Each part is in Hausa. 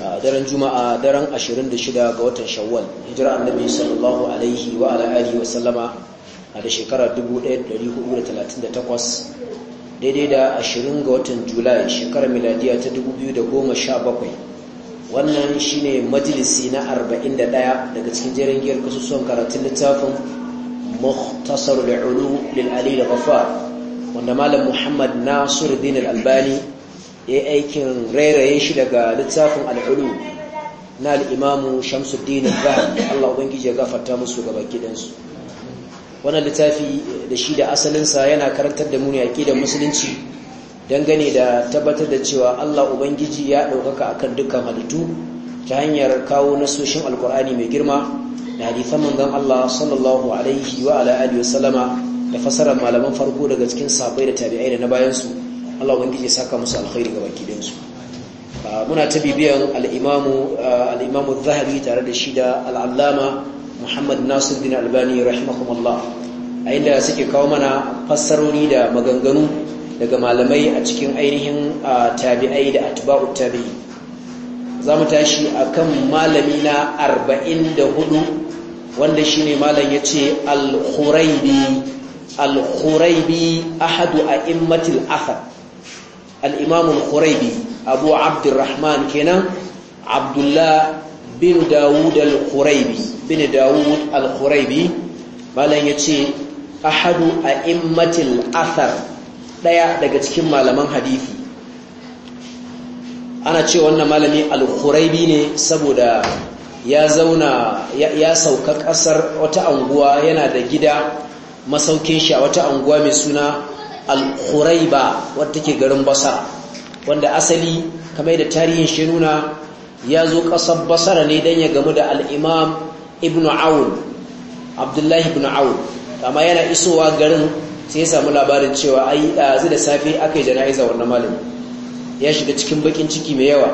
daren juma'a daren 26 ga watan shawwal hijira annabi sallallahu alaihi wa ala alihi wa sallama a da shekara 1438 daidai da 20 ga watan julai shekarar miladiya ta 2017 wannan shine majalisi na 41 daga cikin jerin giyar kasusuwan karatun littafin muhtasarul ulu lil ali al-ghaffar wanda malam muhammad nasiruddin al-albani ya yi aikin rairaye shi daga littafin al'ulu na al'imamu shamsuddin al da Allah ubangiji ya gafarta musu gaba gidansu wannan littafi da shi da asalinsa yana karantar da muni ne aqidar musulunci dangane da tabbatar da cewa Allah ubangiji ya ɗaukaka kan dukkan halittu ta hanyar kawo nasoshin alkur'ani mai girma da hadisan mangan Allah sallallahu alaihi wa ala da fasarar malaman farko daga cikin sabai da tabi'ai da na bayansu Allah ubangiji ya saka musu alkhairi ga baki su ah, muna ta bibiyan al-imamu ah, al-imamu zahabi tare da shida al-allama Muhammad Nasir bin Albani rahimahumullah a inda suke kawo mana fassaroni da maganganu daga malamai a cikin ainihin ah, tabi'ai da atba'u tabi'i za mu tashi kan malami na 44 wanda shine malam yace al-khuraibi al-khuraibi ahadu a'immatil ahad al-imam al-quraibi abu abdurrahman kenan abdullah bin dawud al-quraibi bin dawud al-quraibi malan yace ahadu a'immatil athar daya daga cikin malaman hadisi ana ce wannan malami al-quraibi ne saboda ya zauna ya sauka kasar wata anguwa yana da gida masaukin shi a wata anguwa mai suna al-khuraiba wadda take garin basara wanda asali kamar da tarihin shi nuna ya zo ƙasar basara ne dan ya gamu da al-imam ibn awl abdullahi ibn awl amma yana isowa garin sai ya samu labarin cewa ai ɗazu da safe aka yi jana'iza wannan malami ya shiga cikin bakin ciki mai yawa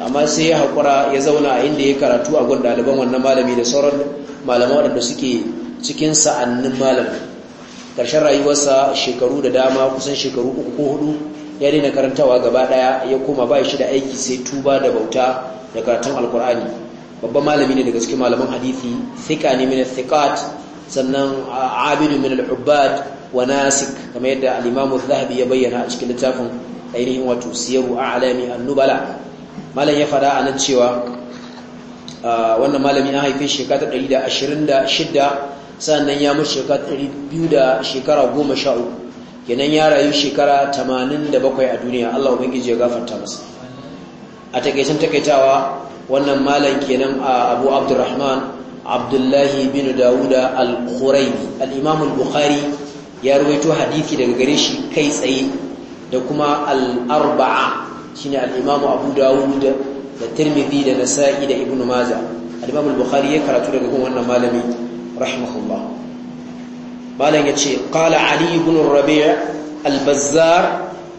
amma sai ya haƙura ya zauna a inda ya karatu a gun daliban wannan malami da sauran malamai waɗanda suke cikin sa'annin malami karshen rayuwarsa shekaru da dama kusan shekaru uku ko hudu ya daina karantawa gaba daya ya koma ba shi da aiki sai tuba da bauta da karatun alkur'ani babban malami ne daga cikin malaman hadithi thika ne min thiqat sannan abidu min al-ubbad wa nasik kamar yadda al-imam zahabi ya bayyana a cikin littafin ainihin wato siyaru a'lami an-nubala malam ya fada anan cewa wannan malami an haife shekara 126 sannan ya mutu shekara 200 shekara 13 kenan ya rayu shekara 87 a duniya Allah ubangiji ya gafarta masa a takeicin takeitawa wannan malam kenan a Abu Abdurrahman Abdullahi bin Dawuda al-Khuraini al-Imam bukhari ya rubaito hadisi daga gare shi kai tsaye da kuma al-Arba'a shine al-Imam Abu Dawud da Tirmidhi da Nasa'i da Ibn maza al-Imam bukhari ya karatu daga wannan malami رحمه الله بالين يجي قال علي بن الربيع البزار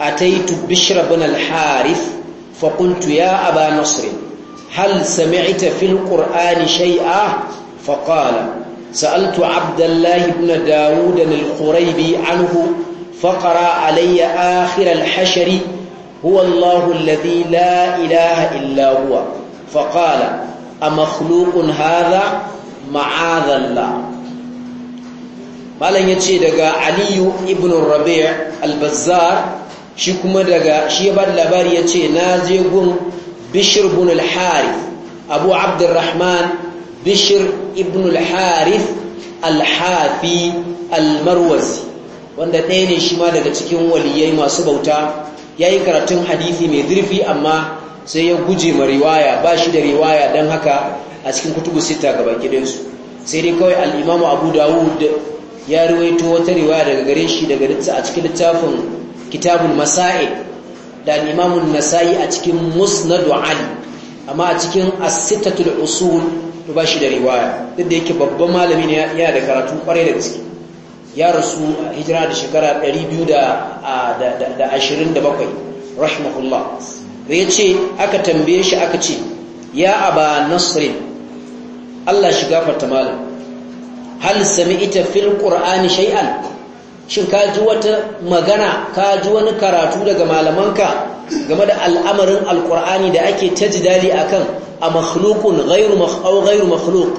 أتيت بشر بن الحارث فقلت يا أبا نصر هل سمعت في القرآن شيئا فقال سألت عبد الله بن داود القريبي عنه فقرأ علي آخر الحشر هو الله الذي لا إله إلا هو فقال أمخلوق هذا ma'adalla malam ya ce daga aliyu ibn rabi' al-bazzar shi kuma daga shi ya bada labari ya ce na je gun bishir ibn al-harith abu abdurrahman bishir ibn al-harith al-hafi al-marwazi wanda ɗaya ne shi ma daga cikin waliyai masu bauta ya yi karatun hadithi mai zurfi amma sai ya guje ma riwaya ba shi da riwaya don haka a cikin kutubu sita ga baki sai dai kawai al'imamu abu dawud ya ruwaito wata riwaya daga gare shi daga a cikin littafin kitabul masa'i da al'imamun nasa'i a cikin musnadu ali amma a cikin asitatul usul to ba shi da riwaya duk da yake babban malami ne yana da karatu kwarai da ciki. ya rasu hijira da shekara da 227 rahimahullah ya ce aka tambaye shi aka ce ya aba nasrin Allah shi gafarta malam hal sami'ta fil qur'ani shay'an shin ka ji wata magana ka ji wani karatu daga malamanka game da al'amarin alqur'ani da ake tajdali akan a makhluqun ghayru makhluq ghayru makhluq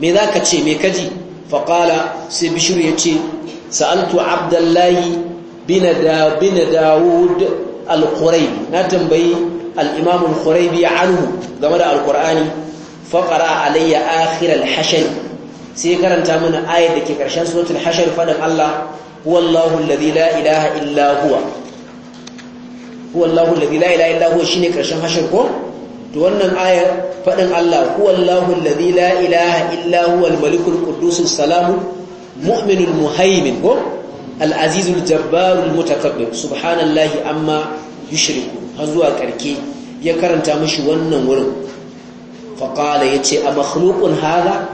me zaka ce me kaji fa qala sai bishir yace sa'altu abdullahi bin da bin daud na tambayi al-imam al-quraybi anhu game da alqur'ani faqara alayya akhir al-hashr sai karanta mana ayat da ke karshen suratul hashr fadan Allah huwallahu alladhi la ilaha illa huwa huwallahu alladhi la ilaha illa huwa shine karshen hashr ko to wannan ayar fadin Allah huwallahu alladhi la ilaha illa huwa al-malikul quddus mu'minul muhaimin ko al-azizul jabbarul mutakabbir subhanallahi amma yushriku har zuwa karke ya karanta mishi wannan wurin faƙala ya ce a makhlukun haza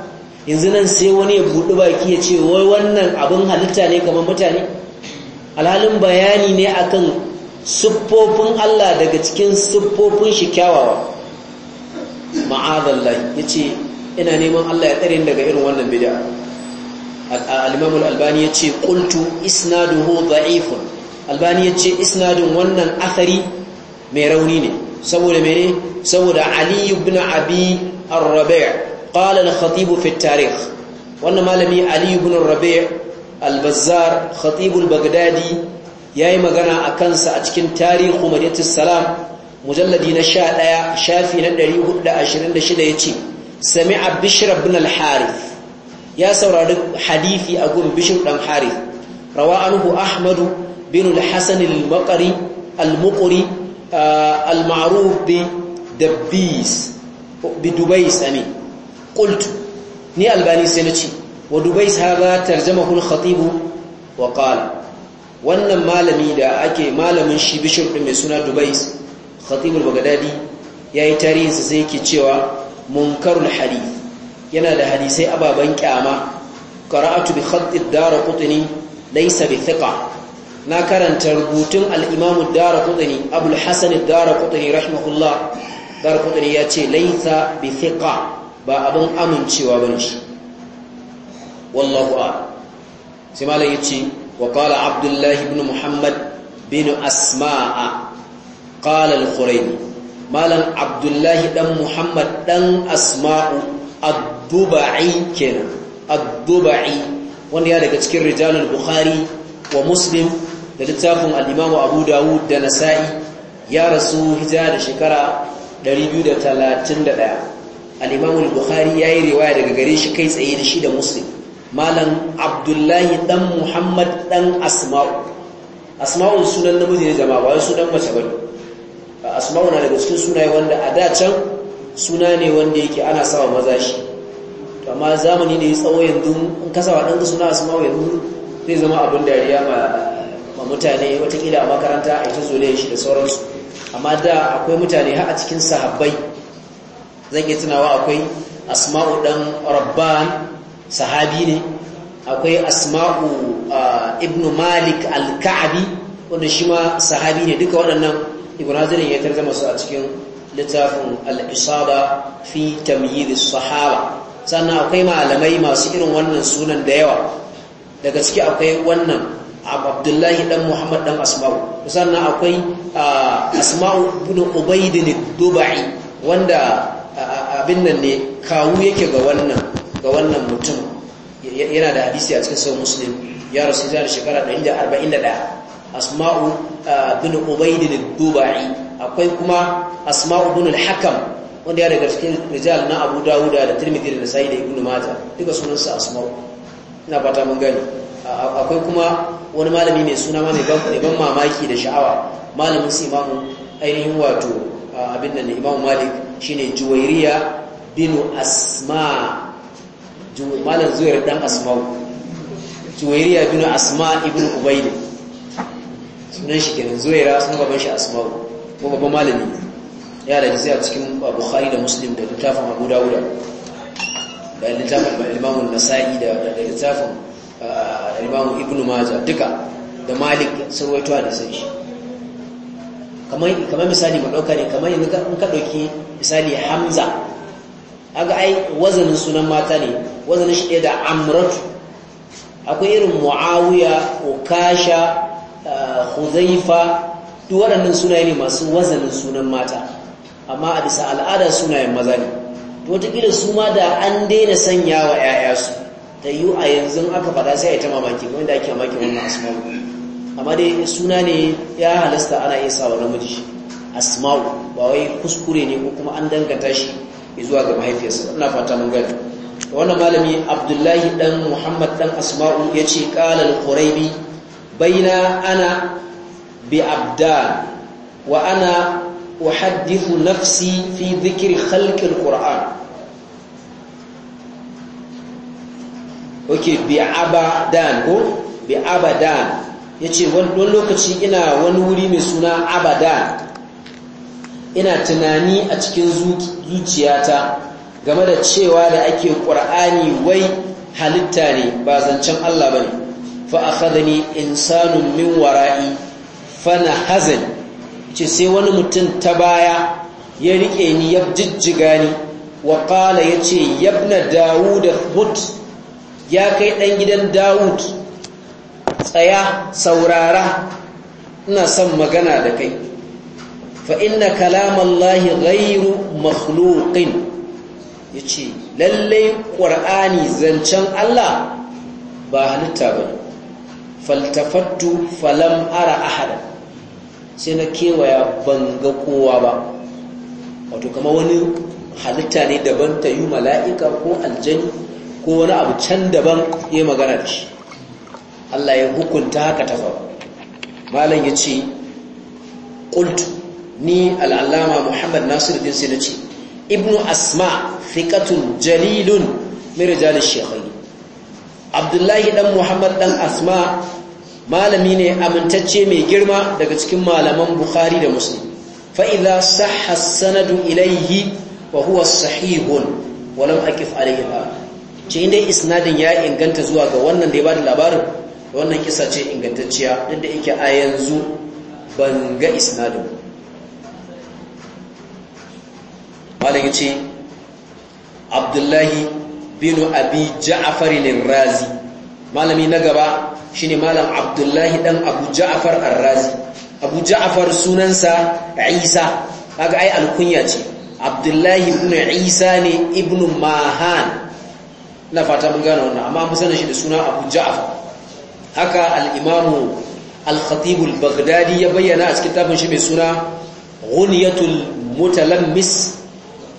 yanzu nan sai wani ya buɗi baki ya ce wai wannan abin halitta ne kamar mutane alhalin bayani ne akan siffofin Allah daga cikin siffofin shi kyawawa ma'adallahi ya ce ina neman Allah ya tsare daga irin wannan bid'a al albani ya ce isnadu ho za'ifun albani ya ce isnadun wannan athari mai rauni ne saboda mene saboda ali ibn abi ar-rabi' qala al-khatib fi at-tarikh wannan malami ali ibn ar-rabi' al-bazzar khatib al-baghdadi yayi magana akan sa a cikin tarihu madinatus salam mujalladi na 11 shafi na 426 yace sami'a bishr ibn al-harith ya saurari hadithi a gun bishir dan harith rawa anhu ahmadu bin al-hasan al al-muqri al-ma'ruf bi ni albani na nace wa dubais haza tarjamahu al-khatib wannan malami da ake malamin shi bishop din mai suna dubais khatibul bagdadi yayi tarihinsa sai yake cewa munkarul hadith yana da hadisai ababen kyama karatu bi khatt ad-darqutni laysa bi thiqa na karanta rubutun al'imamu dara kudini abul hassan dara kudini rahimahullah dara kudini ya ce laita bi thiqa ba abin amincewa ba shi wallahu a sai malam ya ce wa kala abdullahi ibn muhammad bin asma'a kala al-khuraini malam abdullahi dan muhammad dan asma'u ad-duba'i kenan ad-duba'i wanda ya daga cikin rijalul bukhari wa muslim da littafin al'imamu abu dawud da nasa'i ya rasu hijira da shekara 231 al'imamu bukhari ya yi riwaya daga gare shi kai tsaye da shi da muslim malam abdullahi dan muhammad dan asma'u asma'u sunan namiji ne jama'a ba su dan mace bane asma'u na daga cikin sunaye wanda a da can suna ne wanda yake ana sawa maza shi amma zamani ne ya tsawo yanzu in kasawa dan suna asma'u yanzu zai zama abin dariya ma mutane watakila a makaranta a ita zole shi da sauransu amma da akwai mutane har a cikin sahabbai zan iya tunawa akwai asma'u dan rabban sahabi ne akwai asma'u ibnu malik al kaabi wanda shi ma sahabi ne duka waɗannan ibn hazirin ya tarzama su a cikin littafin al isada fi tamyiz sahaba sannan akwai malamai masu irin wannan sunan da yawa da gaske akwai wannan abdullahi dan muhammad dan asma'u sannan akwai asma'u bin ubaidin dubai wanda abin nan ne kawu yake ga wannan ga wannan mutum yana da hadisi a cikin sahih muslim ya rasu da shekara 141 asma'u bin ubaidin dubai akwai kuma asma'u bin al-hakam wanda ya daga cikin rijal na abu dawuda da tirmidhi da nasa'i da ibnu majah duka sunansa asma'u ina fata mun gani akwai kuma wani malami mai suna ma mai ban mamaki da sha'awa malamin su imamu ainihin wato abin da imamu malik shine juwairiya binu asma malam zuwair dan asma'u juwairiya binu asma ibn ubaidu sunan shi kenan zuwaira sunan baban shi asma'u ko baban malami ya da jisai a cikin bukhari da muslim da littafin abu dawuda da littafin imamu nasa'i da littafin Ah, imamu ibnu maja duka da malik sun waito a nisan shi kamar misali ma ɗauka ne kamar yanzu in ka ɗauki misali hamza aga ai wazanin sunan mata ne wazanin shi ɗaya da amratu akwai irin mu'awiya ukasha ah, huzaifa duk waɗannan sunaye ne masu wazanin sunan mata amma a bisa al'ada sunayen maza ne wata su ma da an daina sanya wa 'ya'ya su ta yi a yanzu aka fada sai ya ta mamaki wanda ake mamaki wannan asma'u amma dai suna ne ya halasta ana iya sawa namiji asma'u ba wai kuskure ne ko kuma an danganta shi zuwa ga mahaifiyarsa ina fata mun gani wannan malami abdullahi dan muhammad dan asma'u ya ce qala al-quraibi baina ana bi abda wa ana uhaddithu nafsi fi dhikri khalqi al-qur'an ok bi abadan ko bi abadan ya ce wani lokaci ina wani wuri mai suna abadan ina tunani a cikin zuciyata game da cewa da ake ƙur'ani wai halitta ne ba zancen Allah ba ne in insanun min wara'i fana hazin ce sai wani mutum ta baya ya riƙe ni ya jijjiga ni wa ƙala ya ce yabna dawuda hut ya kai ɗan gidan dawud tsaya saurara ina son magana da kai fa inna lahi ghairu makhluqin yace lallai ƙwar'ani zancen Allah ba halitta ba faltafattu falam ara ahada sai na kewaya ban ga kowa ba wato kama wani halitta ne daban ta yi mala'ika ko aljani ko wani abu can daban ya magana da shi Allah ya hukunta haka ta faru malam ya ce ƙultu ni al'allama muhammad nasiru din sai na ce ibnu asma fiƙatun jalilun mirajalin shekhari abdullahi dan muhammad dan asma malami ne amintacce mai girma daga cikin malaman bukhari da muslim fa'iza saha, sanadu ilaihi wa huwa sahihun walam akif alaihi ba ce inda isnadin ya inganta zuwa ga wannan da ya bada labarin wannan kisa ce ingantacciya duk da yake a yanzu ban ga isnadin malam ce abdullahi bin abi ja'far al-razi malami na gaba shine malam abdullahi dan abu ja'far al-razi abu ja'far sunansa isa kaga ai alkunya ce abdullahi ibn isa ne ibn mahan ina fata mun gane wannan amma an sanin shi da suna Abu Ja'far haka al-Imam al-Khatib al-Baghdadi ya bayyana a cikin tafin shi mai suna Ghuniyatul Mutalammis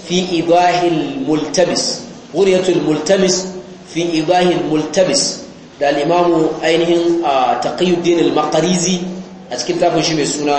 fi Idahil Multabis Ghuniyatul Multabis fi Idahil Multabis da al-Imam ainihin Taqiyuddin al-Maqrizi a cikin tafin shi mai suna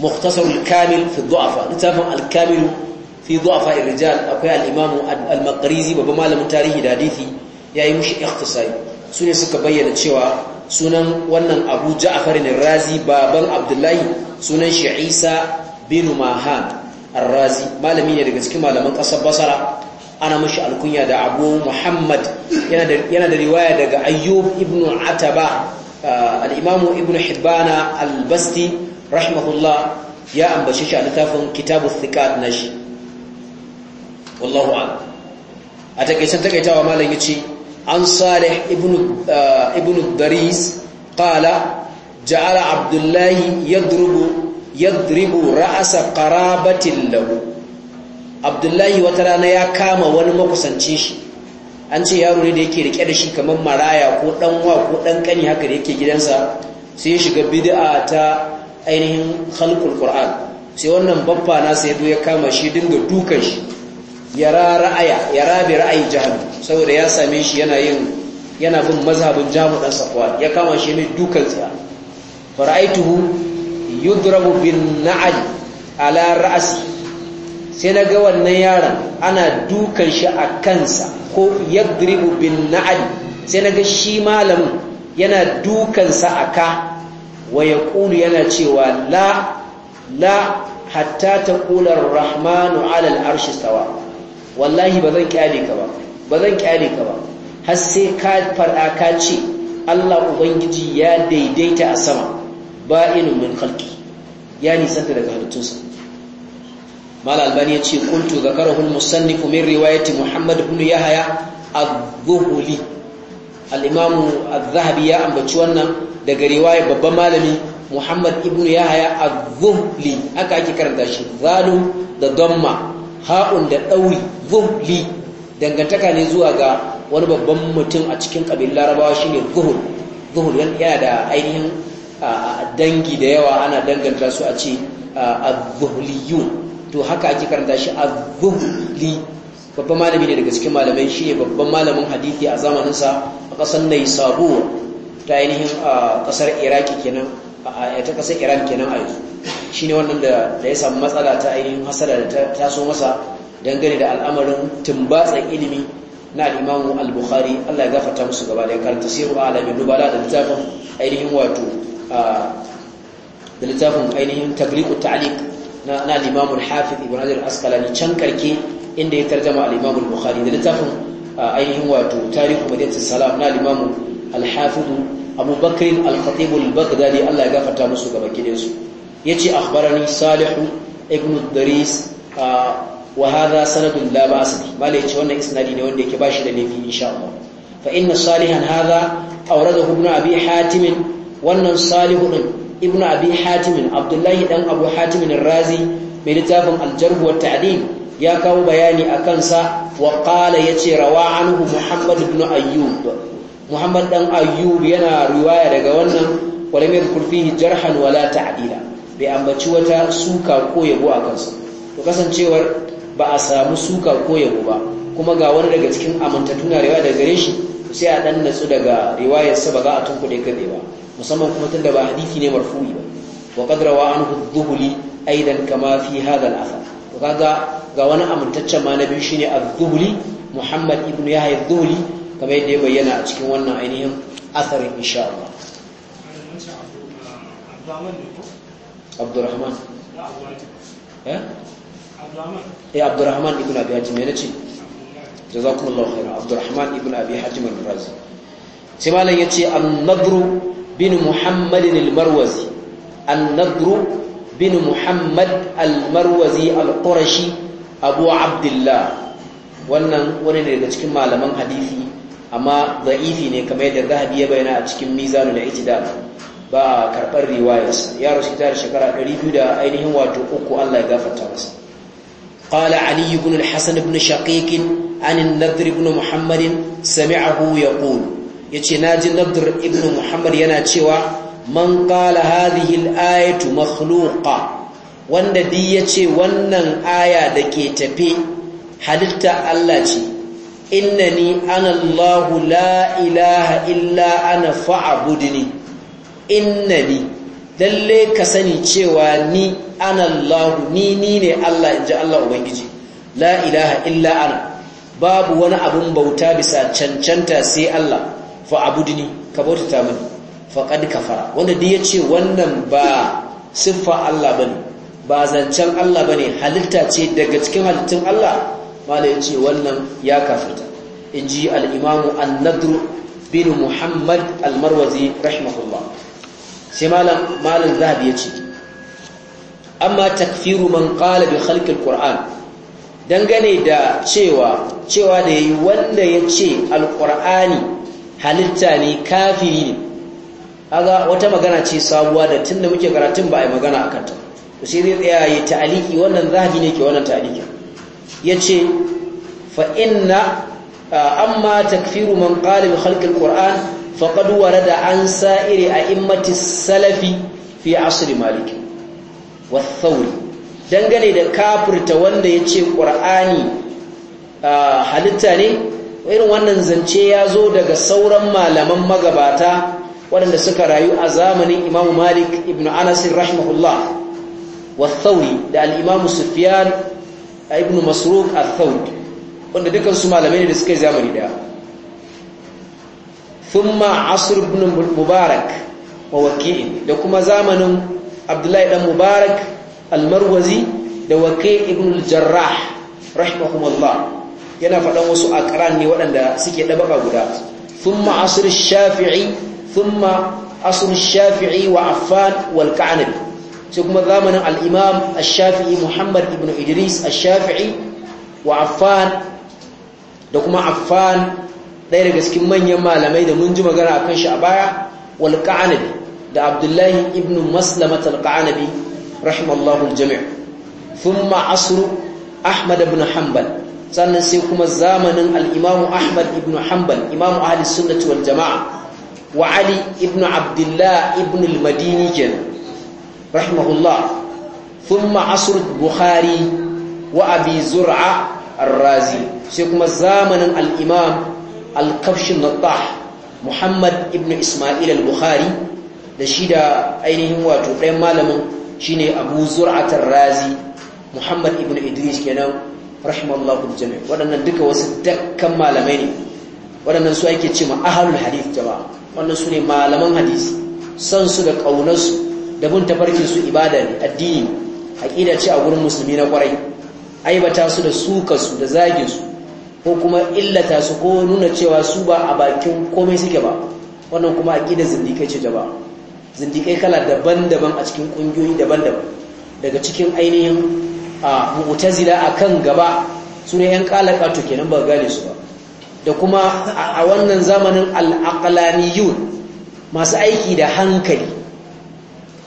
Mukhtasar al-Kamil fi Du'afa littafin al-Kamil fi du'afa rijal akwai al-imam al-maqrizi babban malamin tarihi da hadisi yayi mushi ikhtisari ne suka bayyana cewa sunan wannan Abu Ja'far ar-Razi baban Abdullahi sunan shi Isa bin Mahan ar-Razi malami ne daga cikin malaman ƙasar basara ana mashi alkunya da Abu Muhammad yana da riwaya daga Ayyub ibn Ataba uh, alimamu ibnu Ibn Hibbana al-Basti rahimahullah ya ambace shi a littafin Kitabus na shi. wallahu a a takeicen takaitawa malam yace an salih uh, ibn daris qala ja'ala abdullahi yadrubu yadribu ra'asa qarabatin lahu abdullahi wata rana ya kama wani makusanci shi an ce yaro ne da yake rike da shi kamar maraya ko dan wa ko dan kani haka da yake gidansa sai ya shiga bid'a ta ainihin khalqul qur'an sai wannan babba na sai ya kama shi dinga dukan shi yara ra'aya yara bi ra'ayi jahannam saboda ya same shi yana yin yana bin mazhabin jamu dan ya kama shi mai dukan tsaya fara'aituhu yudrabu bin na'al ala ra'si sai na ga wannan yaron ana dukan shi a kansa ko yadribu bin na'al sai na ga shi malamin yana dukansa a ka wa ya yana cewa la la hatta ta ƙular rahmanu alal arshi wallahi ba zan kyale ka ba ba zan kyale ka ba har sai ka fara ka ce Allah ubangiji ya daidaita a sama inu min khalqi ya nisanta daga halittunsa mal albani ya ce kuntu zakarahu al-musannif min riwayati muhammad ibn yahya az al-imam az-zahabi ya ambaci wannan daga riwayar babban malami muhammad ibn yahya az-zuhli aka ake karanta shi zalu da damma ha'un da ɗauri zuhli dangantaka ne zuwa ga wani babban mutum a cikin ƙabilun larabawa shine zuhul zuhul yana da ainihin dangi da yawa ana danganta su a ce a to haka ake karanta shi a zuhli babban malami ne daga cikin malamai shine babban malamin hadithi a zamaninsa a ƙasar Naysabur ta ainihin ƙasar Iraki kenan a ta kasar iran kenan a yanzu shi ne wannan da ya samu matsala ta ainihin hasara da ta so masa dangane da al'amarin tumbatsar ilimi na al'imamu al-bukhari allah ya gafata musu gaba da karanta sai ruwa alamin dubara da littafin ainihin wato da littafin ainihin tagliku ta'alik na al'imamu al-hafiz ibn hajar askalani can karke inda ya tarjama al'imamu al-bukhari da littafin ainihin wato tarihu madinatul salam na al'imamu al-hafiz abu bakr baghdadi Allah ya gafarta musu gaba gidansu yace akhbarani salihu ibn daris wa hadha sanadun la ba'as bi malai yace wannan isnadi ne wanda yake bashi da laifi insha Allah fa inna salihan hadha awradahu ibn abi hatim wannan salihu din ibn abi hatim abdullahi dan abu hatim ar-razi mai littafin al-jarh wa ta'dil ya kawo bayani akan sa wa qala yace rawa anhu muhammad ibn ayyub muhammad dan ayyub yana riwaya daga wannan walam yadhkur fihi jarhan wala ta'dila bai ambaci wata suka ko yabo a kansa to kasancewar ba a samu suka ko yabo ba kuma ga wani daga cikin amintattu na riwaya daga gare shi sai a dan natsu daga riwayar sa ba za a tunkuɗe kaɗe ba musamman kuma tunda ba hadisi ne marfu'i ba wa qad rawa anhu dhuhli aidan kama fi hadha al-athar to kaga ga wani amintaccen ma na biyu shine az-dhuhli muhammad ibn yahya az-dhuhli kamar yadda ya bayyana a cikin wannan ainihin asarin insha Allah Abdurrahman eh? eh Abdurrahman ibn Abi Hatim yana ce jazakumullahu khairan Abdurrahman ibn Abi Hatim al-Razi sai malam yace an-nadru bin Muhammad al-Marwazi an-nadru bin Muhammad al-Marwazi al-Qurashi Abu Abdullah wannan wani ne daga cikin malaman hadisi amma za'ifi ne kamar yadda zahabi ya bayyana a cikin mizanu na ijda ba karbar riwayarsa ya rasu ta da shekara 200 da ainihin wato uku Allah ya gafarta masa قال علي بن الحسن بن شقيق عن النضر بن محمد سمعه يقول يتي ناجي النضر ابن muhammad yana cewa man qala hadhihi al-ayatu makhluqa wanda duk yace wannan aya dake tafe halitta Allah ce innani ana Allahu la ilaha illa ana inna innani lalle ka sani cewa ni ana Allahu ni ni ne Allah inji Allah ubangiji la ilaha illa ana babu wani abun bauta bisa cancanta sai Allah fa'budni ka bautata mini faqad kafara wanda ya yace wannan ba siffa Allah bane ba zancen Allah bane halitta ce daga cikin halittun Allah malai ya ce wannan ya kafirta in ji al'imamu annadru bin muhammad almarwazi rahimahullah sai malin zahabi ya ce amma takfiru man ƙala bi halkin ƙur'an dangane da cewa cewa da ya yi wanda ya ce alƙur'ani halitta ne kafiri ne aga wata magana ce sabuwa da tun da muke karatun ba a yi magana a kanta sai zai tsaya ya ta'aliki wannan zahabi ne ke wannan ta'alikin Ya ce, 'Fa'inna, amma takfiru man qala halkin ƙoran alquran da an sa'iri a'immati salafi fi asiri maliki.' wa dangane da kafirta wanda ya ce qur'ani halitta ne irin wannan zance ya zo daga sauran malaman magabata waɗanda suka rayu a zamanin imamu malik ibn anasir rahimahullah wa da al Sufiyar. ibn Masruk al-thawd wanda dukan su malamai ne da suka yi zamani daya thumma asr ibn mubarak wa waqi'i da kuma zamanin abdullahi dan mubarak al-marwazi da waqi' ibn al-jarrah rahimahumullah yana faɗan wasu aqran ne waɗanda suke dabaka guda thumma asr ash-shafi'i thumma asr ash-shafi'i wa affan wal ka'nabi sai kuma zamanin al-imam shafii muhammad ibn idris ash-shafi'i wa affan da kuma affan ɗaya daga cikin manyan malamai da mun ji magana akan shi a baya wal qanabi da abdullahi ibn maslamat al-qanabi rahimallahu jami'a jami thumma asru ahmad ibn hanbal sannan sai kuma zamanin alimamu imam ahmad ibn hanbal imam ahli sunnati wal jama'a wa ali ibn abdullah ibn al-madini kenan rahimahullah thumma asr bukhari wa zur'a ar sai kuma zamanin al-imam al muhammad ibn da shi da ainihin wato ɗayan malamin shine abu zur'at razi muhammad ibn idris kenan rahimallahu jami' waɗannan duka wasu dakkan malamai ne waɗannan su ake ahlul hadith jama'a su ne malaman hadisi san su da ƙaunarsu da bin tafarkin su ibada ne addini aqida ce a gurin musulmi na kwarai aibata su da suka su da zagin su ko kuma illata su ko nuna cewa su ba a bakin komai suke ba wannan kuma ƙida zindikai ce jaba zindikai kala daban-daban a cikin ƙungiyoyi daban-daban daga cikin ainihin a mu'tazila kan gaba ne yan to kenan ba gane su ba da kuma a wannan zamanin al masu aiki da hankali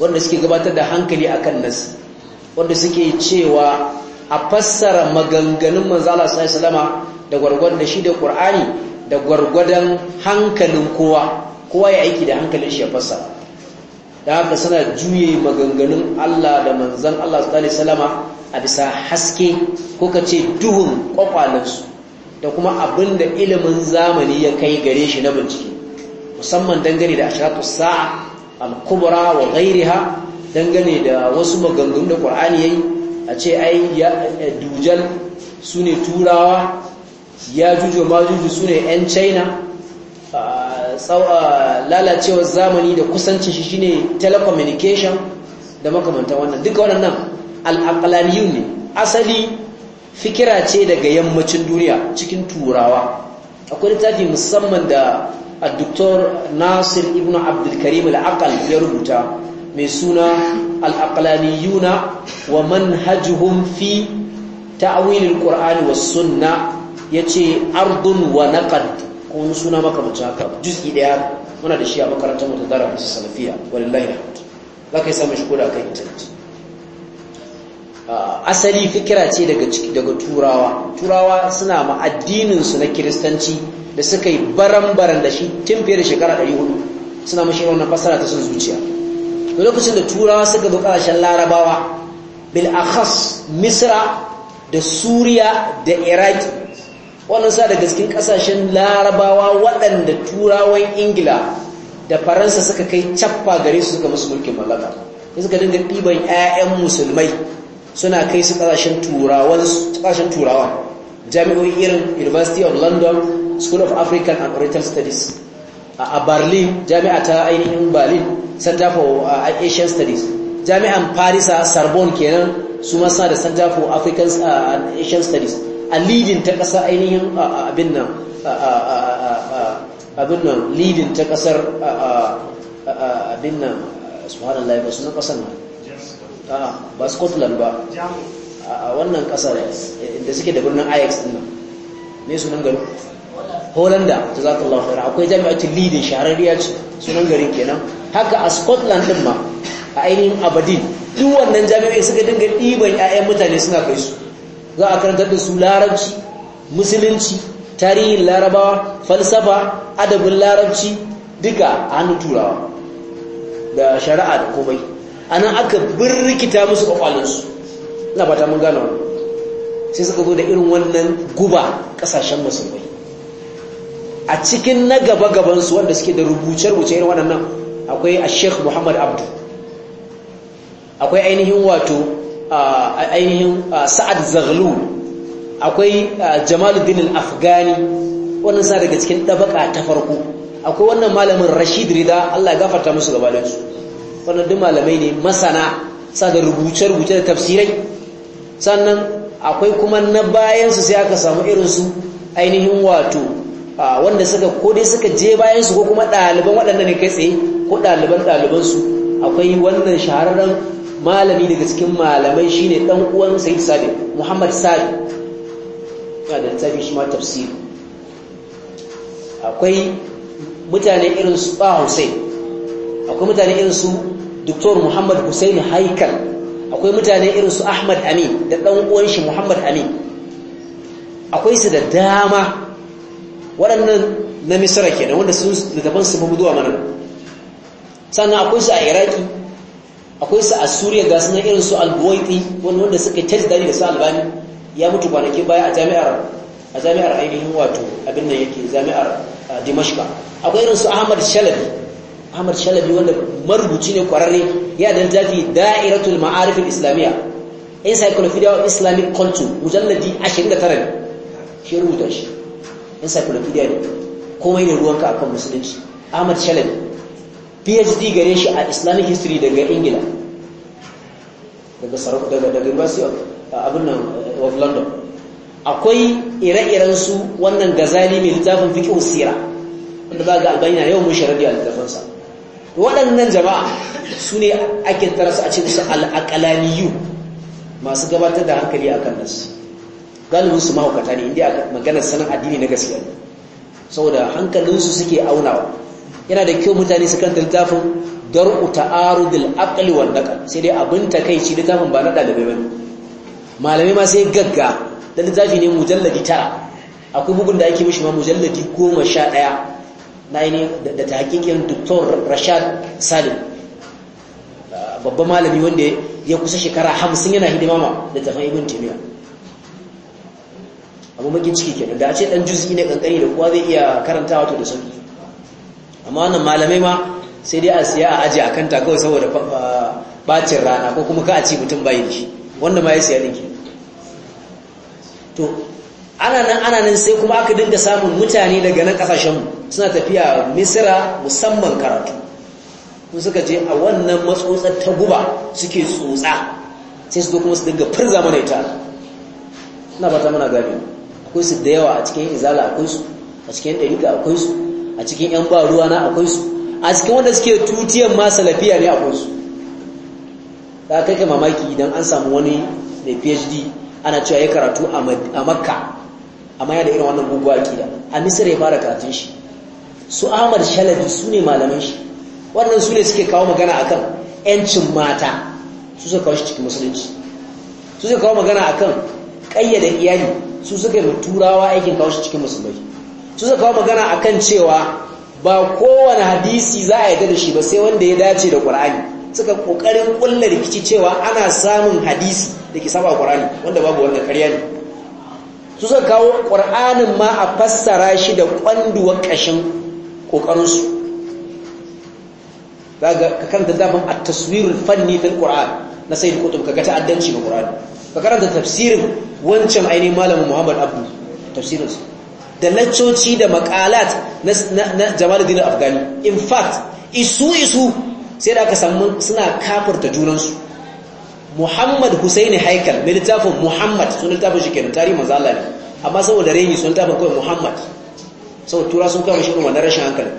wanda suke gabatar da hankali akan nasi, wanda suke cewa a fassara maganganun manzala sallama da gwargwadon shi da Ƙur'ani, da gwargwadon hankalin kowa kowa ya aiki da hankalin shi ya fassara da haka suna juye maganganun Allah da manzan Allah Salama a bisa haske ko ka ce duhun ƙwaƙwalinsu da kuma abin da ilimin zamani ya kai gare shi na bincike musamman dangane da ashatu sa'a al-kubra wa ghairiha dangane da wasu maganganun da Qur'ani yayi a ce ai eh, dujal sune turawa ya juju majuju sune yan China lalacewar zamani da kusancin shi shine telecommunication da makamantan wannan duka waɗannan al-aqlaniyun ne asali fikira ce daga yammacin duniya cikin turawa akwai littafi musamman da الدكتور ناصر ابن عبد الكريم العقل rubuta mai suna al'aƙalaniyuna wa manhaji fi ta'awilin ƙur'ani wa sunna ya ce ardun wa naƙad wani suna makamacin haka juz'i ɗaya da shi a makarantar asali fikira ce daga turawa turawa suna ma na kiristanci da suka yi baran da shi tun fiye da shekara 400 suna mashi wannan fasara ta sun zuciya da lokacin da turawa suka zo ƙasashen larabawa bil akhas misra da suriya da iraki wannan sa da cikin ƙasashen larabawa waɗanda turawan ingila da faransa suka kai cappa gare su suka musu mulkin mallaka suka dinga ɗiban 'ya'yan musulmai suna kai su ƙasashen turawan jami'o'i irin university of london school of african and oriental studies a berlin jami'a ta ainihin berlin center for uh, asian studies jami'an Paris a sorbonne kenan su masa da center for african uh, and asian studies a leading ta kasa ainihin uh, abin nan abin nan leading ta kasar abin nan subhanallah ba na kasar nan ba scotland ba a wannan kasar eh, da suke da birnin ajax din nan ne sunan garin holanda ta lafira akwai jami'acin leading shahararriya ce sunan garin kenan haka a scotland din ma a ainihin abadin duk wannan jami'ai suka dinga ɗiban 'ya'yan mutane suna kai su za a karanta da su larabci musulunci tarihin larabawa falsafa adabin larabci duka a hannun turawa da shari'a da komai a nan aka birkita musu kwakwalinsu na fata mun gano sai suka zo da irin wannan guba ƙasashen musulmai a cikin na gaba gabansu wanda suke da rubuce-rubuce irin wannan akwai a sheikh muhammad abdu akwai ainihin wato ainihin sa'ad zaglu akwai jamaluddin al-afghani wannan sa daga cikin ɗabaka ta farko akwai wannan malamin rashid rida allah ya gafarta musu su wannan duk malamai ne masana sa da rubuce-rubuce da tafsirai sannan akwai kuma na bayansu sai aka samu irin su ainihin wato wanda suka ko dai suka je bayan su ko kuma ɗaliban waɗanda ne kai tsaye ko ɗaliban ɗalibansu, su akwai wannan shahararren malami daga cikin malamai shine dan uwan sai Sabi Muhammad Sabi da tafi shi ma tafsiri akwai mutane irin su Ba Hussein akwai mutane irin su Dr. Muhammad Hussein Haikal akwai mutane irin su Ahmad Amin da dan uwan shi Muhammad Amin akwai su da dama waɗannan na misra kenan wanda sun daban su mabudu zuwa mana sannan akwai su a iraki akwai su a suriya ga sunan irin su albuwaiti wanda suka taji dani da su albani ya mutu kwanaki baya a jami'ar a jami'ar ainihin wato abin nan yake jami'ar dimashka akwai irin su ahmad shalabi ahmad shalabi wanda marubuci ne kwararre ya da littafi da'iratul ma'arif islamiyya encyclopedia of islamic culture mujalladi 29 shi rubuta shi encyclopedia ne komai ne ruwanka akan musulunci ahmad shalal phd gare shi a islamic history daga ingila daga daga university of uh, abin nan uh, of london akwai ire-iren su wannan gazali mai littafin fikin sira wanda za ga albani yau mun sharadi a littafinsa waɗannan jama'a su ne ake tarasa a cikin su al'akalaniyu masu gabatar da hankali akan nasu galibin su mahaukata ne inda maganar sanin addini na gaskiya ne saboda hankalinsu suke aunawa yana da kyau mutane su kan littafin dar'u ta'arudul aqli wal sai dai abin takeici littafin ba na dalibai ba. malami ma sai gagga da littafi ne mujalladi tara akwai bugun da ake mishi ma mujalladi 11 na ne da ta hakikin Dr. Rashad Salim babban malami wanda ya kusa shekara hamsin yana hidima ma da Ibn abu makin ciki kenan da a ce dan juz'i ne kankani da kuwa zai iya karantawa to da sauki amma wannan malamai ma sai dai a siya a ajiye a kanta kawai saboda bacin rana ko kuma ka a ci mutum bayan shi wanda ma ya siya dinki to ana nan ana nan sai kuma aka dinga samun mutane daga nan kasashen mu suna tafiya misira musamman karatu kun suka je a wannan matsotsar ta guba suke tsotsa sai su kuma su dinga firza mana ita na ba ta muna gane akwai su da yawa a cikin izala akwai su a cikin ɗarika akwai su a cikin ‘yan ba ruwa na akwai su a cikin wanda suke tutiyan ma salafiya ne akwai su da kai mamaki idan an samu wani mai phd ana cewa ya karatu a makka amma ya da irin wannan guguwa aƙida a misir ya fara karatun shi su ahmad shalabi su ne malaman shi wannan su ne suke kawo magana akan ‘yancin mata su suka kawo shi cikin musulunci su suka kawo magana akan ƙayyade iyali su suka yi turawa aikin kawo shi cikin musulmai su suka kawo magana a kan cewa ba kowane hadisi za a yarda da shi ba sai wanda ya dace da ƙwarani suka ƙoƙarin ƙulla rikici cewa ana samun hadisi da ke saba ƙwarani wanda babu wannan ƙarya ne su suka kawo ƙwaranin ma a fassara shi da kwanduwar kashin ƙoƙarinsu su kanta zaman a taswirul fanni fil ƙwaran na sayyid ka ga ta'addanci ga ƙwarani ka karanta tafsirin wancan ainihin malamin muhammad abdu tafsirinsa da laccoci da makalat na jamaluddin afghani in fact isu isu sai da aka samu suna kafarta junansu muhammad husaini haikal mai littafin muhammad sun littafin shi kenan tarihi mazala ne amma saboda rengi sun littafin kawai muhammad saboda tura sun kama shi wanda rashin hankali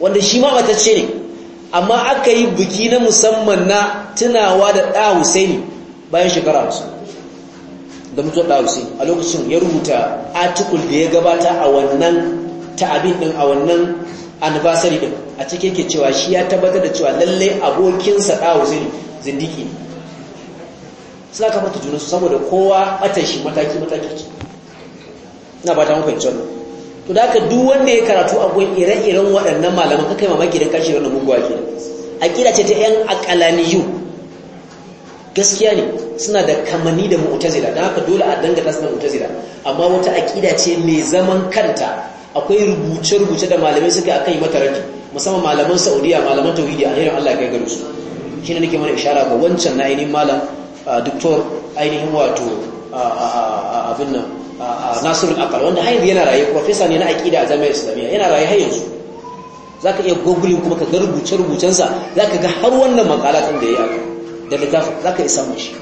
wanda shi ma ce ne amma aka yi biki na musamman na tunawa da ɗa husaini bayan shekara hamsin da mutuwar da hamsin a lokacin ya rubuta article da ya gabata a wannan ta'abin din a wannan anniversary din a cikin ke cewa shi ya tabbatar da cewa lallai abokinsa da hamsin zindiki ne suna kama ta junansu saboda kowa ɓata shi mataki mataki ce na ba ta mafi cewa to da aka duk wanda ya karatu a gwai ire-iren waɗannan malaman kakai mamaki don kashe wannan mugwa ke kira ce ta 'yan akalaniyu gaskiya ne suna da kamanni da mu'tazila dan haka dole a danga su suna mu'tazila amma wata aqida ce mai zaman kanta akwai rubuce-rubuce da malamai suka akan kai mata raki musamman malaman Saudiya malaman tauhidi a hirin Allah kai garu su shine nake mana ishara ga wancan na ainihin malam doctor ainihin wato abin nan nasiru wanda har yana raye professor ne na aqida a Jami'ar Islamiyya yana raye har yanzu zaka iya googling kuma ka ga rubuce-rubucensa zaka ga har wannan makala din da yayi aka da littafin za ka isa mun shi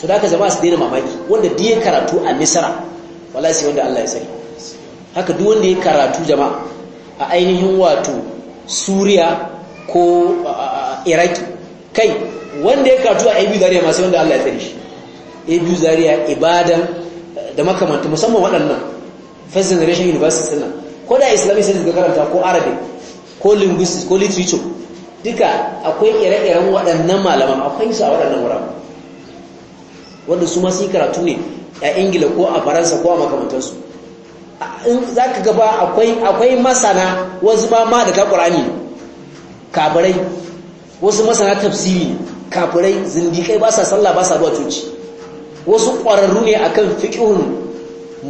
so da aka zama su daina mamaki wanda da ya karatu a misra wala sai wanda Allah ya sani haka duk wanda ya karatu jama'a a ainihin wato suriya ko iraki kai wanda ya karatu a abu zariya masu wanda Allah ya sani shi abu zariya ibadan da makamanta musamman waɗannan first generation university nan ko da islamic studies ga karanta ko arabic ko linguistics ko literature duka akwai ire-iren waɗannan malaman akwai su a waɗannan wuraren wanda su masu yi karatu ne a ingila ko a faransa ko a makamantarsu in za ka gaba akwai masana wasu ba ma da ta ne, kafirai wasu masana tafsiri ne kafirai zindikai ba sa sallah ba sa ba coci wasu ƙwararru ne a kan fiƙihun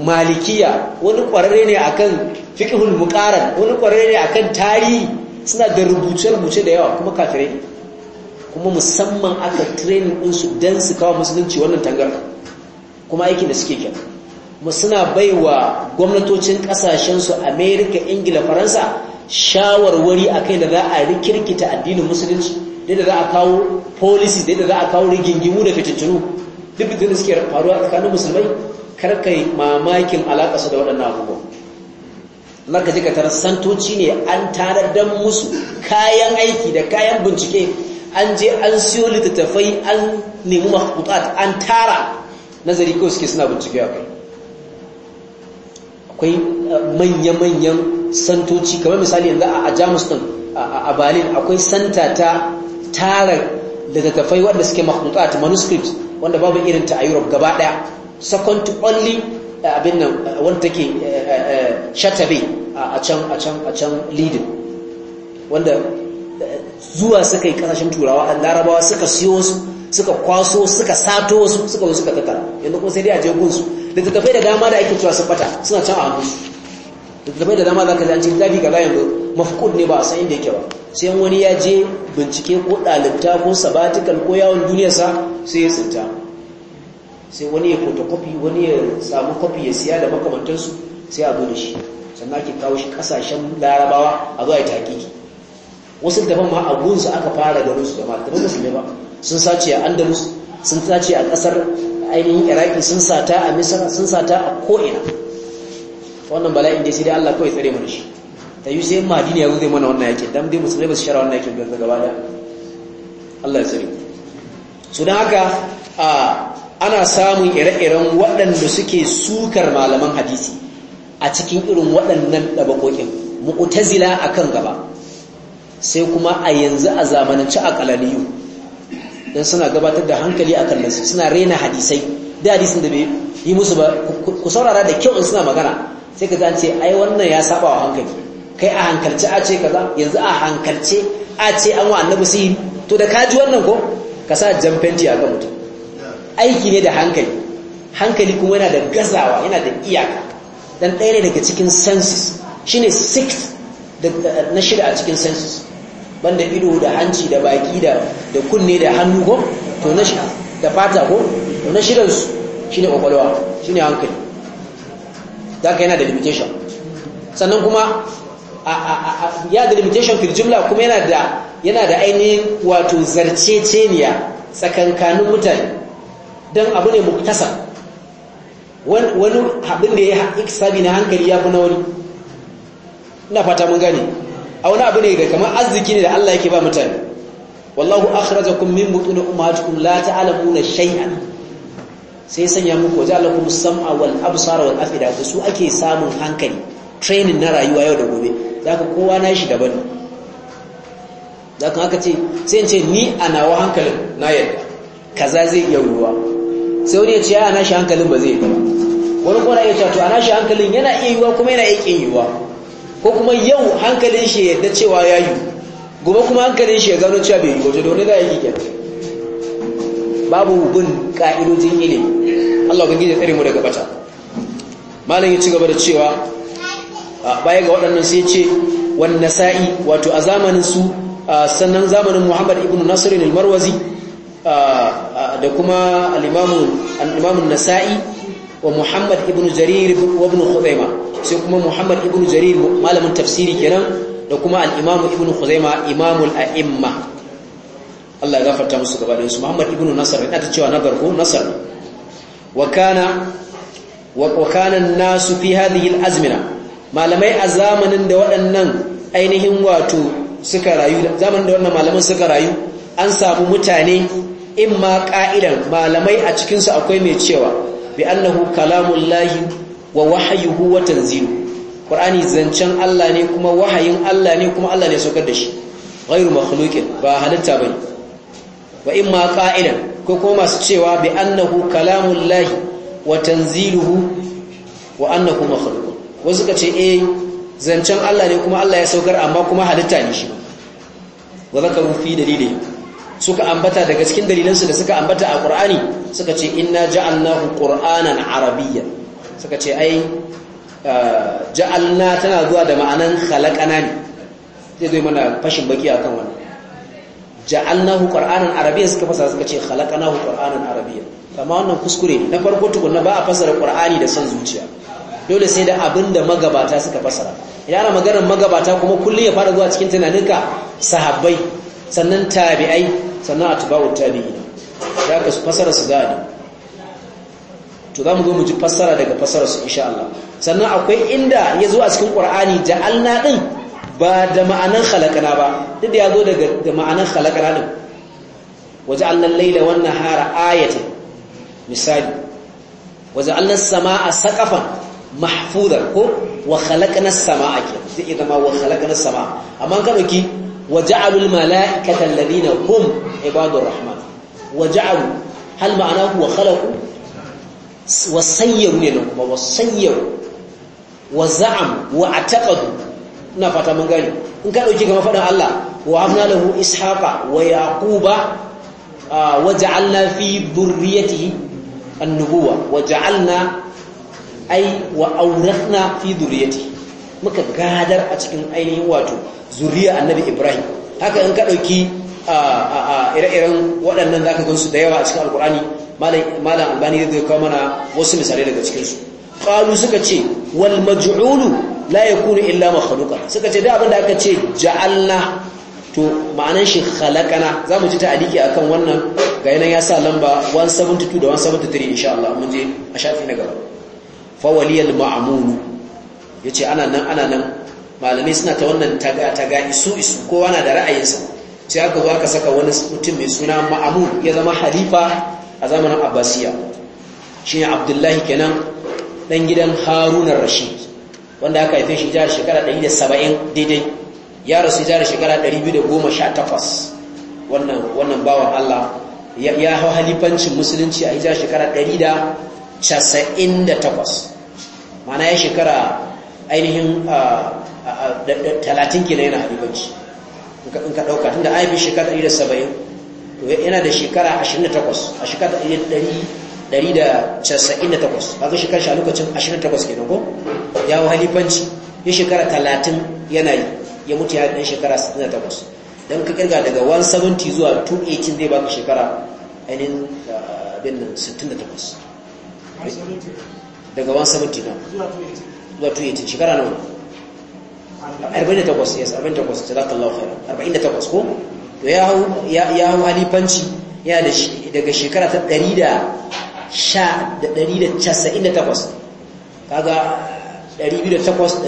malikiya wani ƙwararre ne a kan fiƙihun muƙaran wani ƙwararre ne a kan tarihi suna da rubuce-rubuce da yawa kuma kafirai kuma musamman aka training su don su kawo musulunci wannan tangarda kuma aikin da suke kyan kuma suna baiwa gwamnatocin kasashen su amerika ingila faransa shawarwari a kai da za a rikirkita addinin musulunci da da za a kawo policies da da za a kawo rigingimu da fitintunu duk da suke faruwa tsakanin musulmai karkai mamakin alaƙa su da waɗannan abubuwa zaka jika ka tarar santoci ne an tanar dan musu kayan aiki da kayan bincike an je an siyo littattafai an nemi mahkutat an tara nazari kawai suke suna bincike a kai akwai uh, manya-manyan santoci kamar misali yanzu a jamus din a berlin akwai santa ta tara littattafai wanda suke mahkutat manuscript wanda babu irin ta a europe gaba ɗaya second only abin nan wanda take eh, eh, eh, shatabe a can a can a can leading wanda zuwa suka yi kasashen turawa larabawa suka siyo su suka kwaso suka sato su suka zo suka tattara yanzu kuma sai dai a je gunsu littattafai da dama da ake cewa su fata suna can a hannun su da dama za ka zance tafi kaza yanzu mafkud ne ba a san inda yake ba sai wani ya je bincike ko ɗalibta ko sabatikal ko yawon duniyarsa sai ya tsinta sai wani ya kofi wani ya samu kofi ya siya da makamantansu sai a zo da shi sannan ake kawo shi kasashen larabawa a zuwa ya taƙiƙi wasu daban ma a gunsu aka fara ganin su jama'a daban musulmi ba sun sace a andalus sun sace a ƙasar ainihin iraki sun sata a misar sun sata a ko'ina wannan bala'in dai sai dai allah kawai tsare mana shi ta yi sai madina ya zai mana wannan yakin dan dai musulmi ba su shara wannan yakin gaba da allah ya tsare su don haka a ana samun ire-iren waɗanda suke sukar malaman hadisi a cikin irin waɗannan ɗabaƙoƙin mu'tazila kan gaba sai kuma a yanzu a zamanance a ƙalaliyu don suna gabatar da hankali a kallon suna rena hadisai da hadisin da bai yi musu ba ku saurara da kyau in suna magana sai ka zance ai wannan ya saba wa hankali kai a hankalce a ce kaza yanzu a hankalce a ce an wa annabi sihiri to da kaji wannan ko ka sa jan fenti a kan mutum aiki ne da hankali hankali kuma yana da gazawa yana da iyaka dan ɗaya ne daga cikin senses shine sixth na shida a cikin senses banda ido da hanci da baki da da kunne da hannu ko to na shida da fata ko to na shidan su shine kwakwalwa shine hankali zaka yana da limitation sannan kuma ya da limitation fil jumla kuma yana da yana da ainihin wato zarceceniya tsakankanin mutane don abu ne muktasa wani abin da ya iksabi na hankali ya fi na wani ina fata mun gani. a wani abu ne ga kamar arziki ne da Allah yake ba mutane wallahu akhrajakum min butun ummahatikum la ta'lamuna shay'an sai sanya muku waje Allah kuma sam'a wal absara wal afida da su ake samun hankali training na rayuwa yau da gobe zaka kowa na shi daban zaka haka ce sai in ce ni a nawa hankalin na yadda kaza zai iya ruwa sai wani ya ce ya nashi hankalin ba zai yi ba wani kuma ya ce a ana shi hankalin yana iya yiwuwa kuma yana iya ƙin yiwuwa ko kuma yau hankalin shi ya cewa ya yi gobe kuma hankalin shi ya gano cewa bai yi wato da wani za a yi kyan babu bin ka'idojin ile Allah ga ya tsare mu daga bata malam ya ci gaba da cewa baya ga waɗannan sai ce wani nasa'i wato a zamanin su sannan zamanin Muhammad ibn Nasr al-Marwazi da kuma al'imamun imamu nasai wa muhammad ibn jarir wa ibn khuzaima sai kuma muhammad ibn jarir malamin tafsiri kenan da kuma al-imamu ibn khuzaima imamul a'imma Allah ya gafarta musu gaba da su muhammad ibn nasar ina ta cewa na barko nasar wa kana wa kana nasu fi hadhihi al-azmina malamai a zamanin da waɗannan ainihin wato suka rayu zamanin da wannan malamin suka rayu an samu mutane in ma ƙa'idan malamai a cikinsu akwai mai cewa bi annahu lahi, wa wahayuhu watan tanzilu ƙwarani zancen Allah ne kuma wahayin Allah ne kuma Allah ne saukar da shi ghairu makhlukin ba halitta ne. wa in ma ƙa'idan ko kuma masu cewa bi annahu kalamullahi wa tanziluhu wa annahu makhluq wasu kace eh zancen Allah ne kuma Allah ya saukar amma kuma halitta ne shi wa zakaru fi dalili suka ambata daga cikin dalilansu da suka ambata a Qur'ani suka ce inna ja'alnahu qur'anan arabiyyan suka ce ai ja'alna tana zuwa da ma'anan khalaqana ne zai zo mana fashin baki akan wannan ja'alnahu qur'anan arabiyyan suka fasa suka ce khalaqanahu qur'anan arabiyyan amma wannan kuskure ne na farko tukunna ba a fasara Qur'ani da son zuciya dole sai da abinda magabata suka fasara idan ana maganar magabata kuma kullum ya fara zuwa cikin tunaninka sahabbai sannan tabi'ai sannan a tubawar ya da aka fasara su gane to za mu zo mu ji fasara daga fasara su insha Allah sannan akwai inda ya zo a cikin Qur'ani ja'alna din ba da ma'anan khalaqana ba duk da ya zo daga da ma'anan khalaqana ɗin waje allan layla wan nahara ayatan misali waje allan sama a saqafan mahfuzan ko wa khalaqna sama samaaa ke zai zama wa khalaqna as-samaa'a amma kan dauki وجعلوا الملائكة الذين هم عباد الرحمن وجعلوا هل معناه وخلقوا وسيروا لهم وسيروا وزعموا واعتقدوا ina fata mun gani in ka dauki kamar faɗin Allah wa hamna lahu ishaqa wa yaquba wa ja'alna fi dhurriyyatihi an-nubuwa wa ja'alna ay wa awrathna fi dhurriyyatihi muka gadar a cikin ainihin wato zuriya annabi ibrahim haka in ka ɗauki ire-iren waɗannan za ka gansu da yawa a cikin alkur'ani malam albani zai kawo mana wasu misalai daga cikinsu ƙalu suka ce wal maj'ulu la yakunu illa makhluqa suka ce da abin da aka ce ja'alna to ma'anan shi za mu ci ta aliki akan wannan ga yanar ya sa lamba 172 da 173 insha Allah mun je a shafi na gaba fa ma'amunu ya ce ana nan ana nan malamai suna ta wannan taga isu isu kowa na da ra'ayinsa sai aka zo aka saka wani mutum mai suna ma'amu ya zama halifa a zamanin abbasiya shi ne abdullahi kenan dan gidan harunan rashid wanda aka haife shi jihar shekara 170 daidai ya rasu jihar shekara 218 wannan wannan bawan Allah ya ya hau halifancin musulunci a hijira shekara 198 mana ya shekara ainihin talatin kenan yana halibanci in ka ɗauka tun da aifin shekara ɗari da saba'in to yana da shekara 28 a shekara ɗari da casa'in ba zai shekara shi a lokacin 28 ke nago ya wa halibanci ya shekara talatin yana yi ya mutu ya ɗan shekara 68 don ka kirga daga 170 zuwa 218 zai baka shekara ainihin abin nan 68 daga 170 na 2018 shekara nawa 48 yes 48 jazakallahu khairan 48 ko to ya hau ya hau halifanci ya da daga shekara ta kaga 208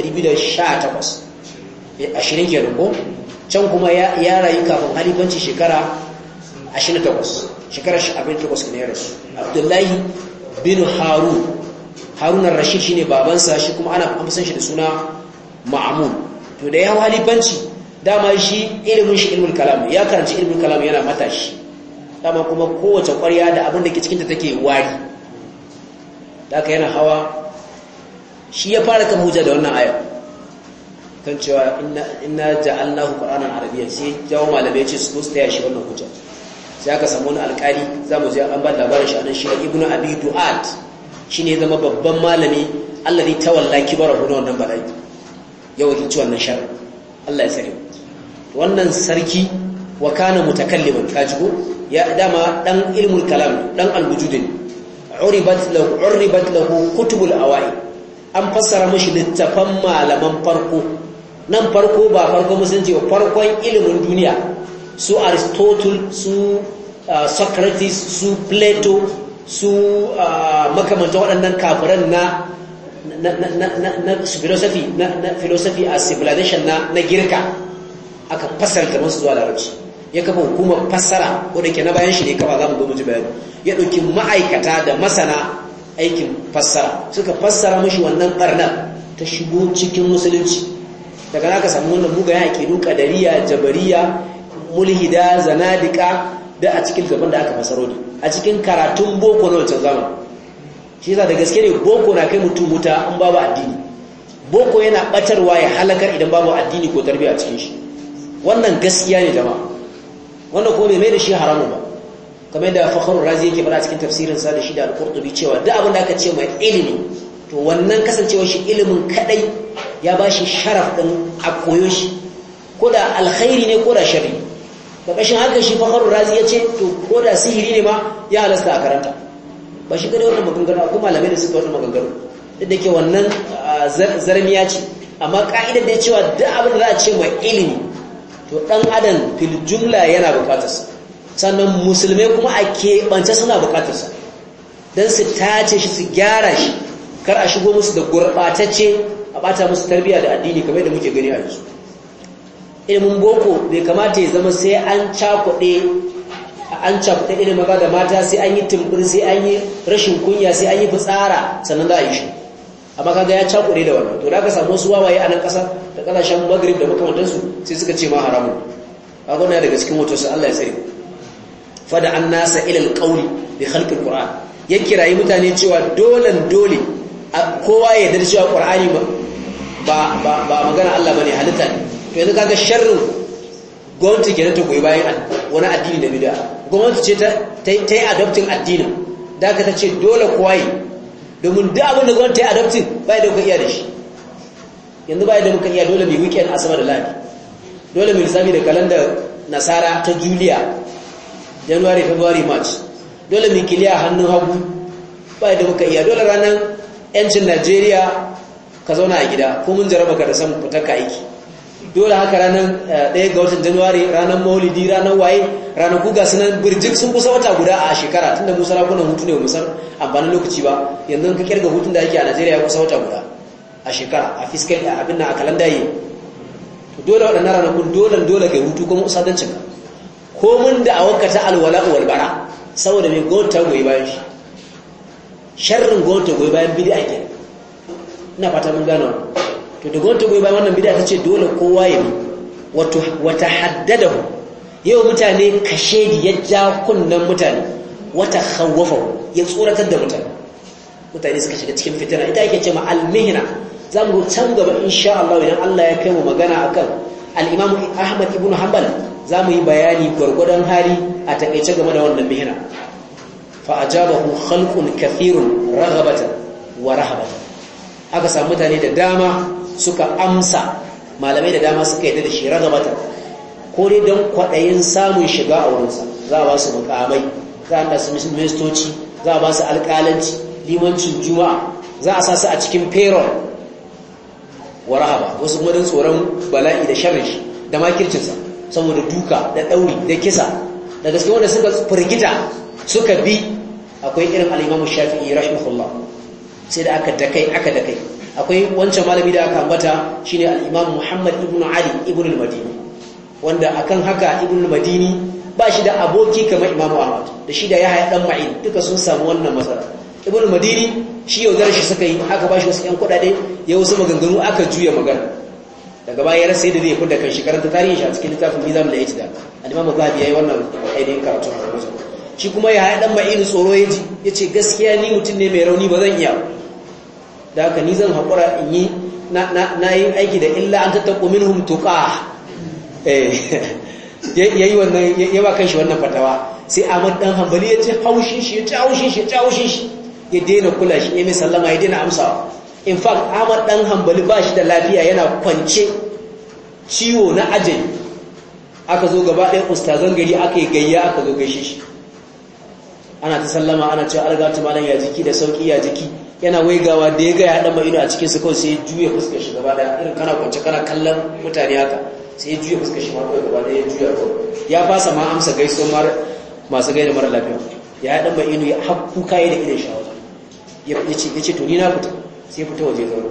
eh, ashirin kenan ko can kuma ya rayu kafin halifanci shekara 28 shekara 28 ne ya rasu abdullahi bin harun harun rashid shi ne babansa shi kuma ana amsan shi da suna ma'amun to da ya halifanci dama shi ilimin shi ilimin kalam ya karanci ilimin kalam yana matashi dama kuma kowace kwarya da abin da ke cikinta take wari da aka yana hawa shi ya fara kan huja da wannan aya kan cewa inna ja'alnahu qur'anan arabiyyan sai jawo malamai ce su tsaya shi wannan hujja sai aka samu wani alƙali zamu je an ba labarin shi anan shi ibnu abi du'at shine ne zama babban malami Allah zai tawalla kibarahu na wannan bala'i ya wakilci wannan shar Allah ya sare wannan sarki wa kana mutakalliman kajigo ya dama dan ilmul kalam dan alwujudin uribat lahu uribat lahu kutubul awai an fassara mashi littafan malaman farko nan farko ba farko musulunci ba farkon ilimin duniya su aristotle su uh, socrates su plato su makamanta waɗannan kafiran na filosofi na a civilization na girka aka fasarta masu zuwa larabci ya kafa hukumar fassara wadda ke na bayan shi ne kafa za mu gudu ji bayan ya ɗauki ma'aikata da masana aikin fassara suka fassara mashi wannan ɓarnar ta shigo cikin musulunci daga ka samu wannan ke duka dariya, jabariya mulhida zanadika da a cikin gaban da aka fasaro ne a cikin karatun boko na wancan zama shi yasa da gaske ne boko na kai mutum wuta in babu addini boko yana batarwa ya halakar idan babu addini ko tarbiyya a cikin shi wannan gaskiya ne jama wannan kuma bai mai da shi haramu ba kamar da fakhrul razi yake fara cikin tafsirin sa da shi da al-qurtubi cewa duk abin da aka ce mai ilimi to wannan kasancewar shi ilimin kadai ya bashi sharaf din a koyo shi ko da alkhairi ne ko da sharri kashin haka shi fakarun razi ya ce to ko da sihiri ne ma ya halasta a karanta ba shi kada wannan maganganu akwai malamai da suka wannan maganganu duk da ke wannan zarmiya ce amma ka'idar da ya cewa duk abin da za a ce mai ilimi to dan adam fil jumla yana bukatarsa sannan musulmai kuma a keɓance suna bukatarsa don su tace shi su gyara shi kar a shigo musu da gurɓatacce a bata musu tarbiyya da addini kamar da muke gani a yanzu ilimin boko bai kamata ya zama sai an cakuɗe an cakuɗe ilimin maza da mata sai an yi tumbur sai an yi rashin kunya sai an yi fitsara sannan za a yi shi amma kaga ya cakuɗe da wannan to da aka samu wasu wawaye a nan ƙasa da ƙasashen magrib da makamantansu sai suka ce ma haramun kaga na daga cikin wato sai Allah ya tsare fada an nasa ilal qawli bi khalqil qur'an ya kirayi mutane cewa dolan dole kowa ya yarda cewa qur'ani ba ba ba magana Allah bane halitta ne to yanzu kaga sharrin gwamnati ke ta goyi bayan wani addini da bid'a gwamnati ce ta yi adopting addinin da aka ta ce dole kwaye domin duk abin da gwamnati ta yi adopting bai da kuka iya da shi yanzu bai da muka iya dole mai weekend asama da lafi dole mai lissafi da kalandar nasara ta juliya january february march dole mai kiliya hannun hagu bai da muka iya dole ranar yancin najeriya ka zauna a gida ko mun jaraba ka da san fitar ka aiki dole haka ranar eh, ɗaya ga watan januwari ranar maulidi ranar waye ranaku ga sunan birjik sun kusa wata guda a shekara tunda musa rakunan hutu ne musan amfanin lokaci ba yanzu ka kirga hutun da ake a najeriya kusa wata guda a shekara a fiskal abin na a kalanda yi dole waɗannan ranakun dole dole kai hutu kuma usadancin ko mun da a wakata alwala walbara saboda mai ta goyi bayan shi sharrin ta goyi bayan bidi ake kenan ina fata mun gano to daga wata goyi bayan wannan bid'a ta ce dole kowa ya bi wata haddadahu yau mutane kashe ya ja kunnen mutane wata khawwafa ya tsoratar da mutane mutane suka shiga cikin fitina ita yake ce ma al-mihna za mu can gaba insha Allah idan Allah ya kai mu magana akan al-Imam Ahmad ibn Hanbal za mu yi bayani gwargwadon hali a takeice game da wannan mihina. fa ajabahu khalqun kathirun raghabatan wa rahabatan aka samu mutane da dama suka amsa malamai da dama suka yadda da shi ragabata ko dai don kwaɗayin samun shiga a wurinsa za a ba su mukamai za a su mistoci za a ba su alƙalanci limancin juma'a za a sa su a cikin peron warahaba. wasu gudun tsoron bala'i da sharrin shi da makircinsa saboda duka da ɗauri da kisa da gaske wanda suka firgita suka bi akwai irin al'imamu shafi'i kullum sai da aka dakai aka dakai akwai wancan malami da aka ambata shine al-Imam Muhammad ibn Ali ibn al-Madini wanda akan haka ibn al-Madini ba shi da aboki kamar Imam Ahmad da shi da Yahya dan Ma'in duka sun samu wannan matsala ibn al-Madini shi yaudar shi suka yi ba shi wasu ƴan kuɗaɗe ya wasu maganganu aka juya magana daga baya ya rasa yadda zai kudda kan shi karanta tarihin shi a cikin littafin Nizam da Ijdad al-Imam Zahabi yayi wannan ainihin karatu a wajen shi kuma ya haɗa ma'inu tsoro ya ji ya ce gaskiya ni mutum ne mai rauni ba zan iya da haka ni zan haƙura in yi na yi aiki da illa an tattaɓo min humtuka eh, ya yi wannan ya ba kan shi wannan fatawa sai a ɗan hambali ya ce haushin shi ya ci haushin shi ya ci haushin shi ya daina kula shi ya mai sallama ya daina amsawa in fact Ahmad ɗan hambali ba shi da lafiya yana kwance ciwo na ajali aka zo gaba ɗaya ustazan gari aka yi gayya aka zo gaishe shi ana ta sallama ana cewa argatu malam ya jiki da sauki ya jiki yana waigawa da ya ga ya dama ido a cikin su kawai sai ya juya fuskar shi gaba da irin kana kwance kana kallon mutane haka sai ya juya fuskar shi ma kawai gaba da ya juya kawai ya sa ma amsa gaiso mar masu gaida mara lafiya ya dama ido ya hakku kai da idan shawo ya ce ya ce to ni na fita sai fita waje zauro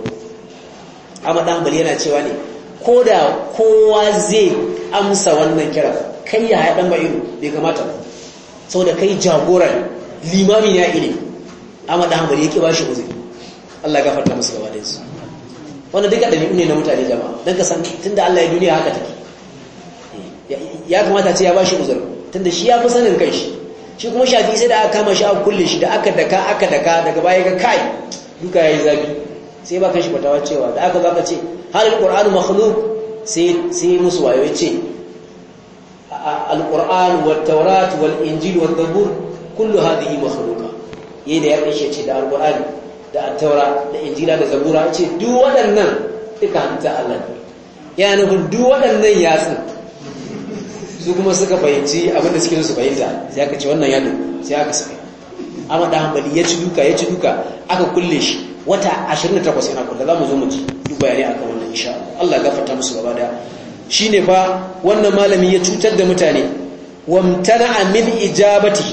amma dan bali yana cewa ne ko da kowa zai amsa wannan kira kai ya haɗa dama ido bai kamata ba sau da kai jagora limami ya ile amma da hamari yake bashi shi uzuri Allah ya gafarta musu gaba su wannan duka da ne na mutane jama'a don ka san tunda Allah ya duniya haka take ya kamata ce ya bashi shi uzuri tunda shi ya fi sanin kanshi shi kuma shafi sai da aka kama shi aka kulle shi da aka daka aka daka daga baya ga kai duka yayi zabi sai ba kanshi shi fatawa cewa da aka baka ce halul qur'anu makhluq sai sai musu wayo ce alquran wat taurat wal injil wat zabur kullu hadhihi makhluqa da ya kashe ce da alqurani da at da injila da zabura ce duk waɗannan duka hanta Allah ne ya nufin duk waɗannan yatsun su kuma suka fahimci abinda suke su fahimta sai aka ce wannan ya duk sai aka saka amma da hanbali ya ci duka ya ci duka aka kulle shi wata 28 yana kulle za mu zo mu ci duk bayani akan wannan insha Allah Allah ya gafarta musu gaba da. Shi ne fa wannan malami ya cutar da mutane wamtana'a min ijabati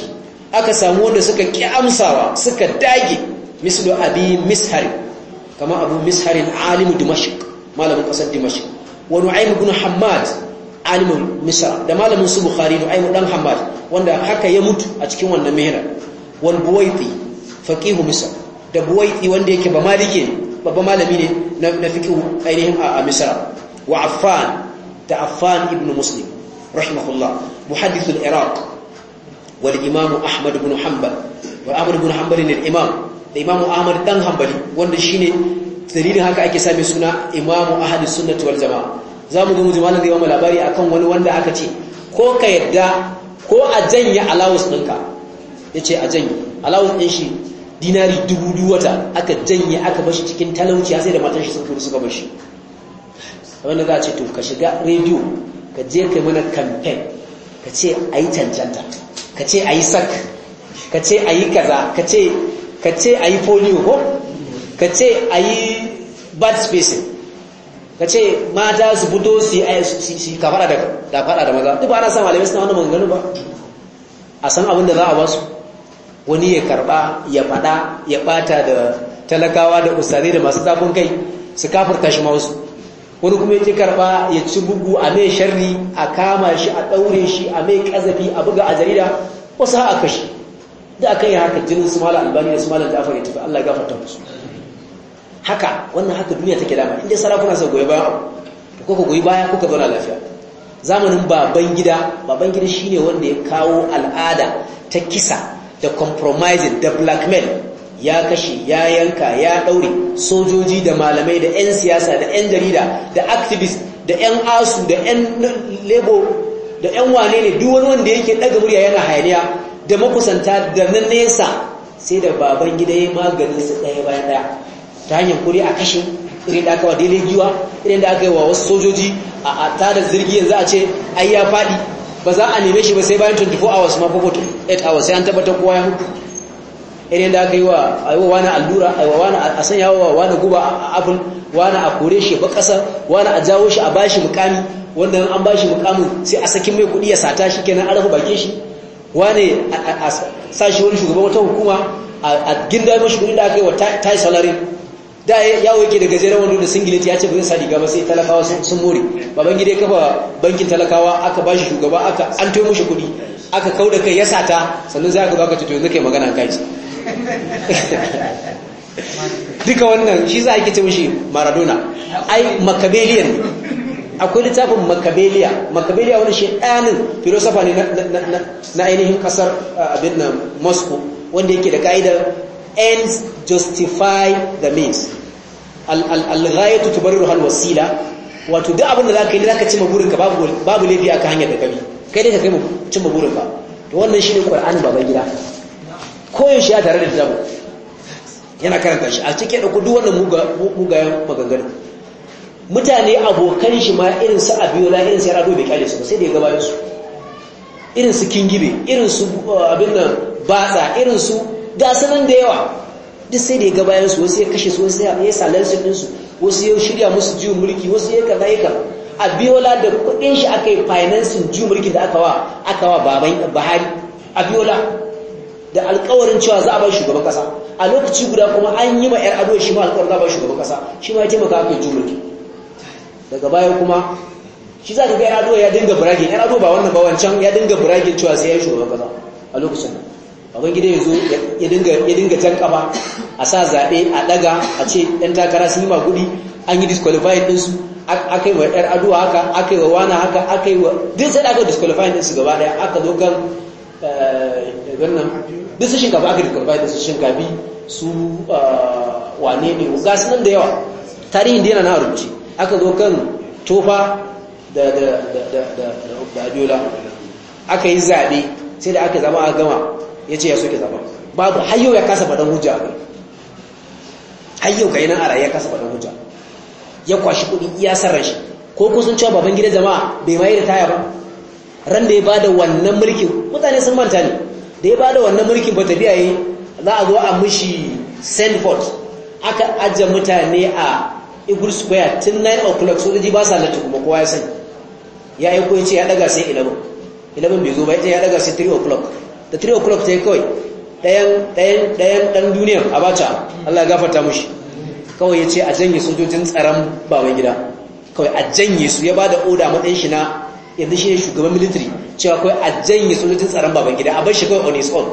aka samu wanda suka ki amsawa suka dage mislu abi mishar kama abu mishar alimu dimashq malamin kasar dimashq wa nu'aym ibn hammad alimin misra da malamin su bukhari nu'aym dan hammad wanda haka ya mutu a cikin wannan mihra wal buwaiti faqihu misr da buwaiti wanda yake ba malike babban malami ne na fiqhu ainihin a misra wa affan da Affan ibn Muslim rahimahullah muhaddithul Iraq wal Imam Ahmad ibn Hanbal wa Ahmad ibn Hanbal ne imam da Imam Ahmad dan Hanbali wanda shine dalilin haka ake sami suna Imam Ahli Sunnah wal Jamaa zamu ga mujmalan da yawan labari akan wani wanda aka ce ko ka yadda ko a janya allowance ɗinka ya ce a janye allowance din shi dinari dubu duwata aka janye aka bashi cikin talauci sai da matan shi sun kuru suka bashi wanda za a ce to ka shiga rediyo ka je kai mana kamfe ka ce a yi cancanta ka ce a yi sak ka ce a yi kaza ka ce a yi polio ko ka ce a yi bad spacing ka ce mata su buto su yi kafada da kafaɗa da maza duk ba ana sa malamai suna wani maganganu ba a san abin da za a basu wani ya karba ya fada ya bata da talakawa da usare da masu zafin kai su kafurta shi ma wasu wani kuma ya karɓa ya ci bugu a mai sharri a kama shi a ɗaure shi a mai ƙazafi a buga a jarida wasu haka shi da aka yi haka jinin su mala albani da su mala jafar ya tafi Allah ya gafarta musu haka wannan haka duniya take dama inda sarakuna sa goyi baya to kuka goyi baya kuka zauna lafiya zamanin baban gida baban gida shine wanda ya kawo al'ada ta kisa da compromising da blackmail ya kashe ya yanka ya daure sojoji da malamai da 'yan siyasa da 'yan jarida da activist da 'yan asu da 'yan lebo da 'yan wane ne duk wani wanda yake daga murya yana hayaniya da makusanta da na nesa sai da baban gida ya maganin su daya bayan daya ta hanyar kuri a kashe irin da aka wa daidai giwa irin da aka yi wa wasu sojoji a tada zirgi yanzu a ce ai ya faɗi ba za a neme shi ba sai bayan 24 hours ma ko 8 hours sai an tabbatar kowa ya hudu. irin da aka yi wa aiwa wani allura a sanya wa wani guba a abin wani a kore shi ba ƙasa wani a jawo shi a bashi mukami wanda an bashi mukamin sai a sakin mai kuɗi ya sata shi kenan a bakin shi wani a sa shi wani shugaban wata hukuma a ginda mashi kuɗi da aka yi wa tai salari da yawo yake da gajeren wando da singileti ya ce ba zai sa riga ba sai talakawa sun more baban gida ya kafa bankin talakawa aka bashi shugaba aka an toye mashi kuɗi aka da kai ya sata sannan za ka baka tuto yanzu kai magana kai duka wannan shi za a kice mishi maradona ai makabeliyan akwai littafin makabeliya makabeliya wani shi ɗanin filosofa ne na ainihin ƙasar abin na moscow wanda yake da ka'idar ends justify the means al-ghayatu tubarriru hal wasila wato duk abin da ka yi ka ci burinka babu babu laifi aka hanyar da kabi kai dai ka kai mu maburin burinka to wannan shine qur'ani baban gida koyaushe ya tare da littafin yana karanta shi a cikin ɗauku duk wannan mugayen maganganu. mutane abokan shi ma irin su abiyola irin su ya rado bai kyale su sai da ya gabayar su irin su kingibe irin su uh, abin nan batsa irin su gasanan da yawa duk sai da ya gabayar su wasu ya kashe su wasu ya su ɗinsu wasu ya shirya musu jiwon mulki wasu ya kaza ya kaza abiola da kudin shi aka yi financing ju mulki da aka wa aka wa baban Buhari abiola da alkawarin cewa za a bai shugaban kasa a lokaci guda kuma an yi ma yar ado shi ma alkawar za a bai shugaban kasa shi ma ya taimaka a yi mulki daga baya kuma shi za a ga yar ado ya dinga biragin yar ado ba wannan ba wancan ya dinga biragin cewa sai ya yi shugaban kasa a lokacin nan abin gida yanzu ya dinga ya dinga jan a sa zaɓe a ɗaga a ce ɗan takara sun yi ma gudi an yi disqualifying ɗinsu aka yi wa yar ado haka aka yi wa wana haka aka yi wa duk sai da aka disqualifying ɗinsu gaba ɗaya aka zo kan eh, wannan duk su shinkafa agriculture da su shinkafi su ah, wane ne ga nan da yawa tarihin da yana na rubuce aka zo kan tofa da abiola aka yi zaɓe sai da aka zama a gama ya ce ya soke zama babu hayo ya kasa faɗin hujja ba hayo ga yi nan a ya kasa faɗin hujja ya kwashi kuɗi iya sarra shi ko kusan cewa baban gida jama'a bai mai da taya ba ran da ya bada wannan mulkin mutane sun manta ne da ya bada wannan mulkin ba tafiya yi za a zo a mushi sandford aka ajiye mutane a eagle square tun 9 o'clock so da ji ba sa latin kuma kowa ya sani ya yi ya ce ya daga sai 11 11 bai zo ba ya ya daga sai 3 o'clock da 3 o'clock ta yi kawai ɗayan ɗan a bata allah gafarta mushi kawai ya ce a janye sojojin tsaron baban gida kawai a janye su ya ba da oda matsayin shi na yanzu shi ne shugaban military cewa kawai a janye sojojin tsaron baban gida a bar shi kawai on his own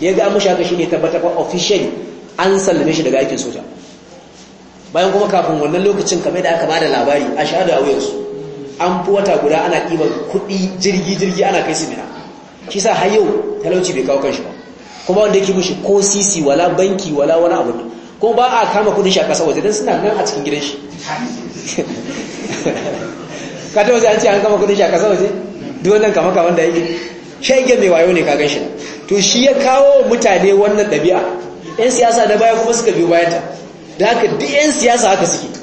ya ga mushi haka shi ne tabbatar kwa official an sallame shi daga aikin soja bayan kuma kafin wannan lokacin kamar da aka ba da labari a shahada a wuyansu an fi wata guda ana ɗiba kuɗi jirgi-jirgi ana kai simina shi sa har yau talauci bai kawo kanshi ba kuma wanda yake mushi ko sisi wala banki wala wani abu kuma ba a kama kudin shi a ƙasa waje don suna nan a cikin gidan shi ka wasu an ce an kama kudin shi a kasa waje duk wannan kama kama da yake shege mai wayo ne ka shi to shi ya kawo mutane wannan ɗabi'a yan siyasa da baya kuma suka biyo bayan ta da haka duk yan siyasa haka suke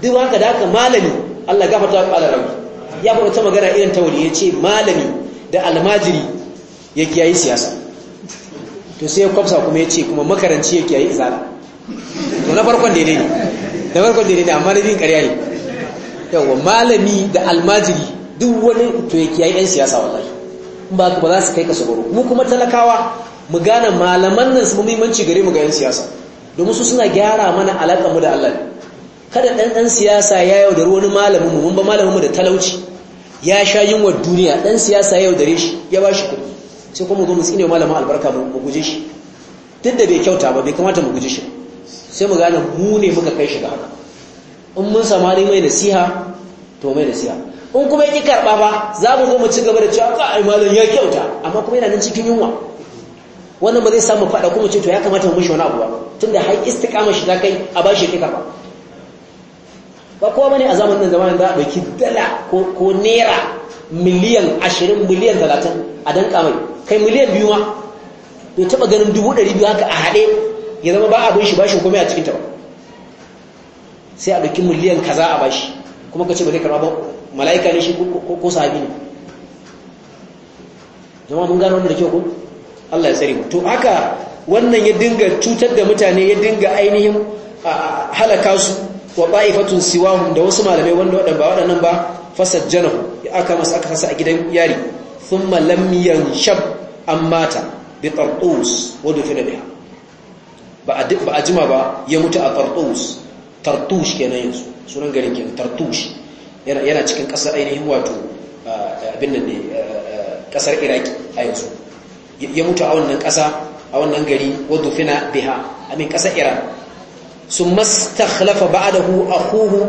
duk haka da haka malami Allah ta wa Allah ya faɗa ta magana irin ta wuri ya ce malami da almajiri ya kiyayi siyasa to sai ya kwamsa kuma ya ce kuma makaranci ya kiyayi izala to na farkon daidai ne na farkon daidai ne amma na biyun ƙarya ne yawon malami da almajiri duk wani to ya yayi ɗan siyasa wallahi ba ba za su kai kasu sabaro mu kuma talakawa mu gane malaman nan su muhimmanci gare mu ga yan siyasa domin su suna gyara mana alaƙa mu da Allah kada dan dan siyasa ya yaudari wani malamin mu mun ba malamin mu da talauci ya sha yunwa duniya dan siyasa ya da shi ya ba shi kuɗi sai kuma zo mu tsine malamin albarka mu guje shi duk da bai kyauta ba bai kamata mu guje shi sai mu gane mu ne muka kai shi ga haka in mun sama mai nasiha to mai nasiha in kuma yake karba ba za mu zo mu ci gaba da cewa ka malam ya kyauta amma kuma yana nan cikin yunwa wannan ba zai samu fada kuma ce to ya kamata mu mishi wani abu ba tunda har istiqama shi ta kai a bashi kika ba ba kowa bane a zamanin zamanin da dauki dala ko ko naira miliyan 20 miliyan 30 a danka mai kai miliyan biyu ma bai taba ganin dubu 200 haka a haɗe, ya zama ba abin shi ba shi komai a cikin ta ba sai a ɗauki miliyan kaza a ba shi kuma ka ce ba zai karɓa ba mala'ika ne shi ko sahabi ne zama mun gano wanda da kyau ko Allah ya tsare to haka wannan ya dinga cutar da mutane ya dinga ainihin halaka su wa ta'ifatun siwahum da wasu malamai wanda wadan ba wadannan ba ya aka masa aka sasa a gidan yari sun thumma shab an mata bi wadda fi na biya ba a jima ba ya mutu a tartus tartush kenan yanzu sunan garin kenan tartush yana cikin kasar ainihin wato abin nan ne kasar iraki a yanzu ya mutu a wannan kasa a wannan gari wadda fina biha amin kasar iran sun mastakhlafa a huhu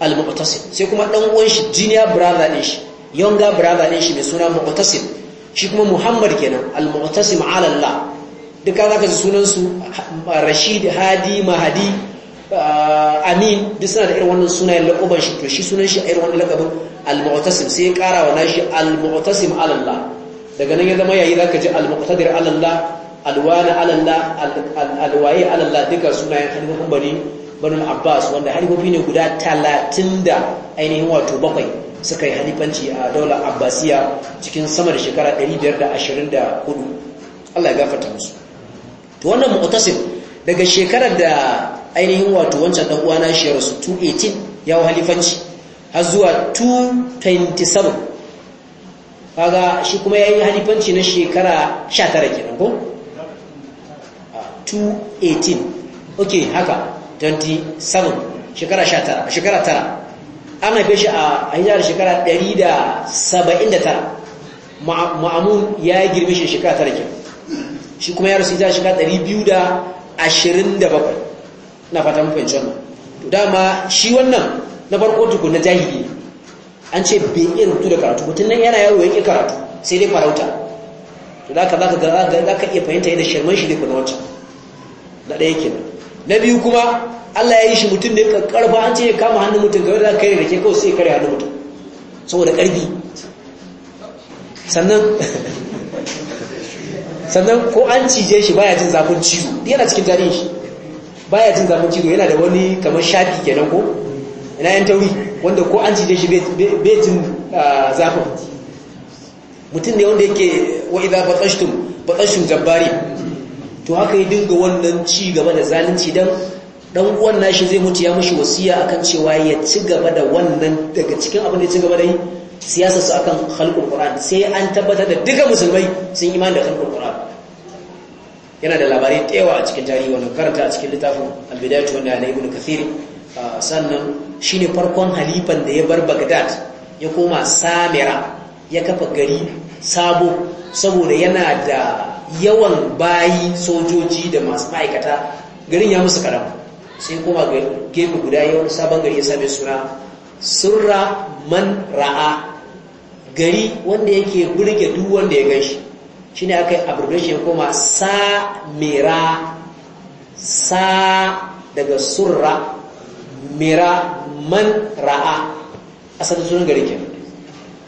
al-muqtasim sai kuma ɗan uwan shi junior brother din shi younger brother shi mai suna muqtasim shi kuma muhammad kenan al-muqtasim ala Allah duka zaka ji sunan Rashid Hadi Mahadi amin duk suna da irin wannan sunayen laƙuban shi to shi sunan shi a irin wannan laƙabin al-mu'tasim sai ya ƙara wa nashi al-mu'tasim alallah daga nan ya zama yayi zaka ji al-muqtadir alallah alwana alallah alwaye alallah duka sunayen bani abbas wanda halifofi ne guda talatin da ainihin wato bakwai suka yi halifanci a daular abbasiya cikin sama da shekara 524 allah ya gafarta musu to wannan mu'tasim daga shekarar da ainihin wato wancan dan uwa na shi ya rasu 218 ya halifanci har zuwa 227 kaga shi kuma ya yi halifanci na shekara 19 kenan ko 218 ah, okay haka 27 shekara 19 shekara 9 an haife shi a hijirar shekara 179 ma'amun ya girme shi shekara 9 shi kuma ya rasu hijirar shekara 227 ina fata mafi fahimci wannan to dama shi wannan na farko tuku na jahili an ce bai iya rubutu da karatu mutum nan yana yaro yake karatu sai dai farauta to da ka za ka ga za ka iya fahimta yadda shirman shi ne kuna wancan na ɗaya kenan na biyu kuma Allah ya yi shi mutum ne karfa an ce ya kama hannun mutum game da kare da ke kawai sai kare hannun mutum saboda ƙarfi sannan sannan ko an cije shi baya jin zafin ciwo yana cikin shi. baya jin zafin cizo yana da wani kamar shafi kenan ko ina yan tauri wanda ko an cije shi bai jin ah, zafin mutum ne wanda yake wa idza batashtum jabbari to haka ya dinga wannan ci gaba da zalunci dan dan uwan nashi zai mutu ya mushi wasiya akan cewa ya ci gaba da wannan daga cikin abin da ya ci gaba da yi siyasarsu akan khalqul qur'an sai an tabbatar da duka musulmai sun imani da khalqul qur'an yana da labarai tsewa a cikin tarihi wannan karanta a cikin littafin albidayatu wanda na ibn kathir ah, sannan shine farkon halifan da ya bar bagdad ya koma samira ya kafa gari sabo saboda yana da yawan bayi sojoji da masu ma'aikata garin ya musu karam sai koma gefe guda yawan sabon gari ya same suna surra man ra'a gari wanda yake burge duk wanda ya gan shi ne aka yi abrogation ya sa samira sa daga surra mira man ra'a asalin sunan gari ke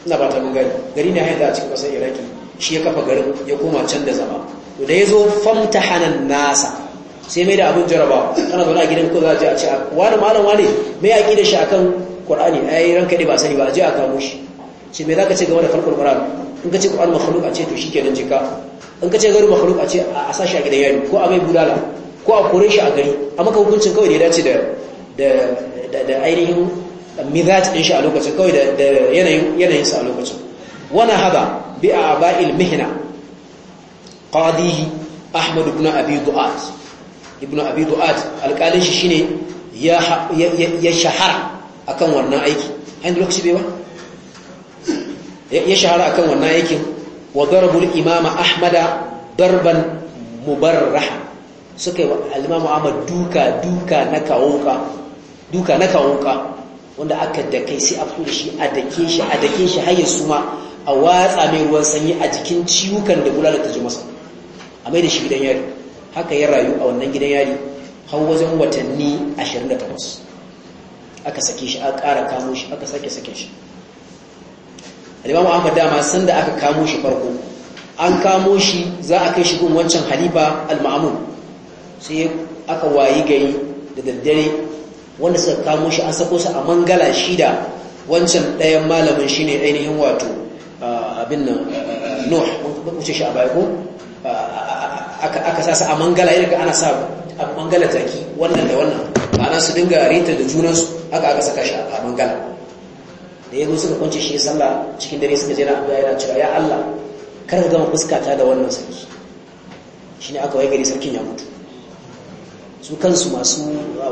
na ba ta mun gari ne haida a cikin kasar iraki shi ya kafa garin ya koma can da zama to da ya zo famta hanan nasa sai mai da abin jaraba ana zaune a gidan ko za a je a wani malam wani mai yaƙi da shi akan ƙwar'ani a yi ranka ne ba sani ba a je a kamo shi ce me zaka ce game da kalkul Qur'an in ka ce Qur'an makhluk a ce to nan jika in ka ce gari makhluk a ce a sashi a gidan yari ko a mai budala ko a kore shi a gari a ka hukuncin kawai da ya dace da da ainihin mizaj din shi a lokacin kawai da yanayin sa a lokacin wani haɗa bi aba'il mihna qadihi ahmad ibn abi du'at ibn abi du'at shi shine ya shahara akan wannan aiki an lokaci bai ba ya shahara akan wannan yakin wa darbul imama ahmada darban mubarraha suka yi wa al-imamu ahmad duka duka na kawuka duka na kawuka wanda aka dake sai a fito shi a dake shi a dake shi har ya suma a watsa mai ruwan sanyi a jikin ciwukan da bulala ta ji masa a mai da shi gidan yari haka ya rayu a wannan gidan yari har wajen watanni 28 aka sake shi aka ƙara kamo shi aka sake sake shi al muhammad dama san da aka kamo shi farko an kamo shi za a kai shi gun wancan halifa al-ma'mun sai aka wayi gari da daddare wanda suka kamo shi an sako shi a mangala shida wancan ɗayan malamin shine ainihin wato abin nan nuh wuce shi a baya ko aka sasa a mangala irin ka ana sa a mangala taki wannan da wannan ana su dinga rita da junansu aka aka saka shi a mangala da ya zo suka kwance shi sallah cikin dare suka jira abu yana cewa ya Allah kar ka gama fuskata da wannan sarki shi ne aka waye gari sarkin ya mutu su kansu masu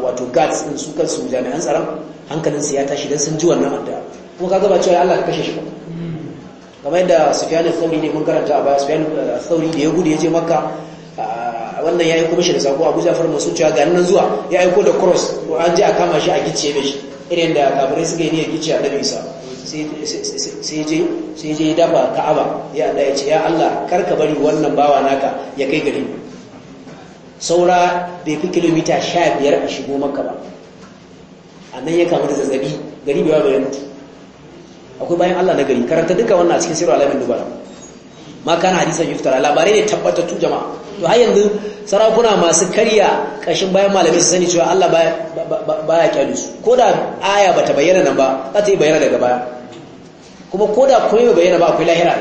wato guards din su kansu jami'an tsaron hankalin su ya tashi dan sun ji wannan addu'a kuma kaga ba cewa ya Allah ka kashe shi ba kamar yadda Sufyan al-Thawri ne mun karanta a baya Sufyan al-Thawri uh, da ya gudu ya je Makka uh, wannan ya kuma shi da sako Abu Ja'far Mansur cewa ga nan zuwa ya aiko da cross ko an je a kama shi a gice da shi irin da kafirai suka yi ne ya gice Annabi Isa sai je dafa ka'aba ya Allah ya ce ya Allah karka bari wannan bawa naka ya kai gari saura bai fi kilomita sha biyar a shigo maka ba a nan ya kamar da zazzabi gari bai bayan mutu akwai bayan Allah na gari karanta duka wannan a cikin sirwa alamin dubara ma kana hadisan yuftara labarai ne tabbatattu jama'a to har yanzu sarakuna masu karya kashin bayan malamai su sani cewa Allah baya kyalu su ko da aya bata bayyana nan ba za ta yi bayyana daga baya kuma ko da kuma bai bayyana ba akwai lahira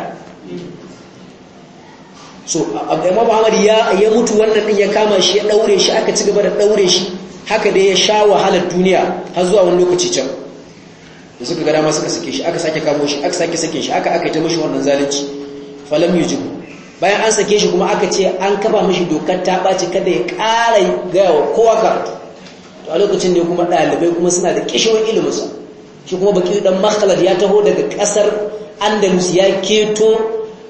so abdulhamid muhammad ya ya mutu wannan din ya kama shi ya daure shi aka ci gaba da daure shi haka dai ya sha wahalar duniya har zuwa wani lokaci can da suka ga dama suka sake shi aka sake kamo shi aka sake sake shi aka aka ta mishi wannan zalunci falam yujibu bayan an sake shi kuma aka ce an kafa mishi dokar ta ɓaci kada ya ƙara gaya wa kowa karatu to a lokacin ne kuma ɗalibai kuma suna da kishiyar ilimin shi kuma baki dan makhlad ya taho daga kasar andalus ya keto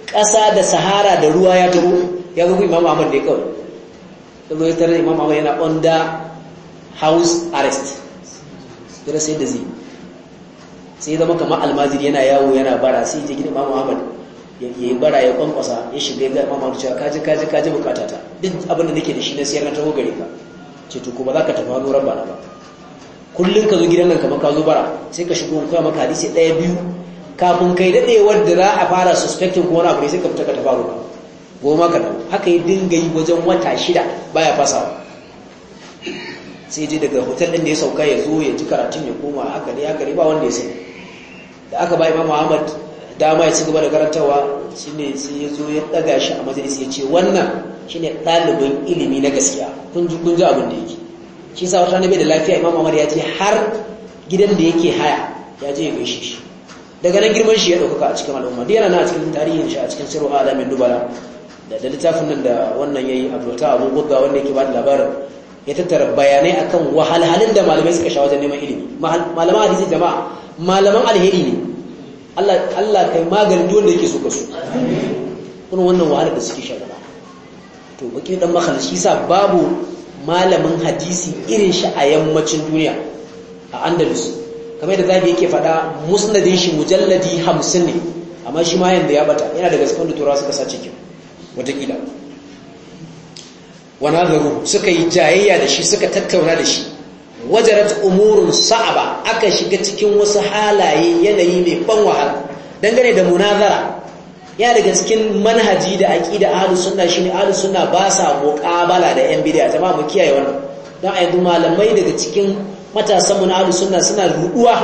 kasa da sahara da ruwa ya taho ya ga imam ahmad ne kawai yanzu ya tare imam ahmad yana onda house arrest yana sai da zai sai zama kamar almajiri yana yawo yana bara sai je gidan imam ahmad ya yi bara ya kwankwasa ya shiga ga imam ahmad cewa kaji kaji kaji bukatata duk abin da nake da shi na siyar na taho gare ka ce to ko ba za ka tafi wani ba na ba kullum ka zo gidan nan kamar ka zo bara sai ka shigo kuma maka hadisi ɗaya biyu kafin kai daɗe wanda za a fara suspecting ko wani abu ne sai ka fita ka tafaru ba goma ka haka ya dinga yi wajen wata shida baya fasawa sai je daga hotel ɗin da ya sauka ya zo ya ji karatun ya koma haka ne haka ne ba wanda ya sani da aka ba imam ahmad dama ya ci gaba da karantawa shine sai ya zo ya ɗaga shi a majalisi ya ce wannan shine ɗalibin ilimi na gaskiya kun ji kun ji abin da yake shi sa wata bai da lafiya imam Umar ya ce har gidan da yake haya ya je ya gaishe shi daga nan girman shi ya dauka a cikin al'umma da yana na cikin tarihin shi a cikin sirru alamin dubara da da littafin nan da wannan yayi abdulta abu gudda wanda yake ba da labarin ya tattara bayanai akan wahalhalun da malamai suka sha wajen neman ilimi malaman hadisi jama'a malaman alheri ne Allah Allah kai maganin duk wanda yake so ka so kuma wannan wahalar da suke sha gaba to baki dan makhal shi sa babu malamin hadisi irin shi a yammacin duniya a andalus kamar da zabi yake fada musnadin shi mujalladi hamsin ne amma shi ma yanda ya bata yana daga cikin da turawa suka sace wata watakila wana garu suka yi jayayya da shi suka tattauna da shi wajarat umurun sa'aba aka shiga cikin wasu halaye yanayi mai ban wahala dangane da munazara ya daga cikin manhaji da aqida ahlus sunna shine ahlus sunna ba sa muqabala da yan bid'a jama'a mu kiyaye wannan dan a yanzu malamai daga cikin matasan mu na ahlus sunna suna ruduwa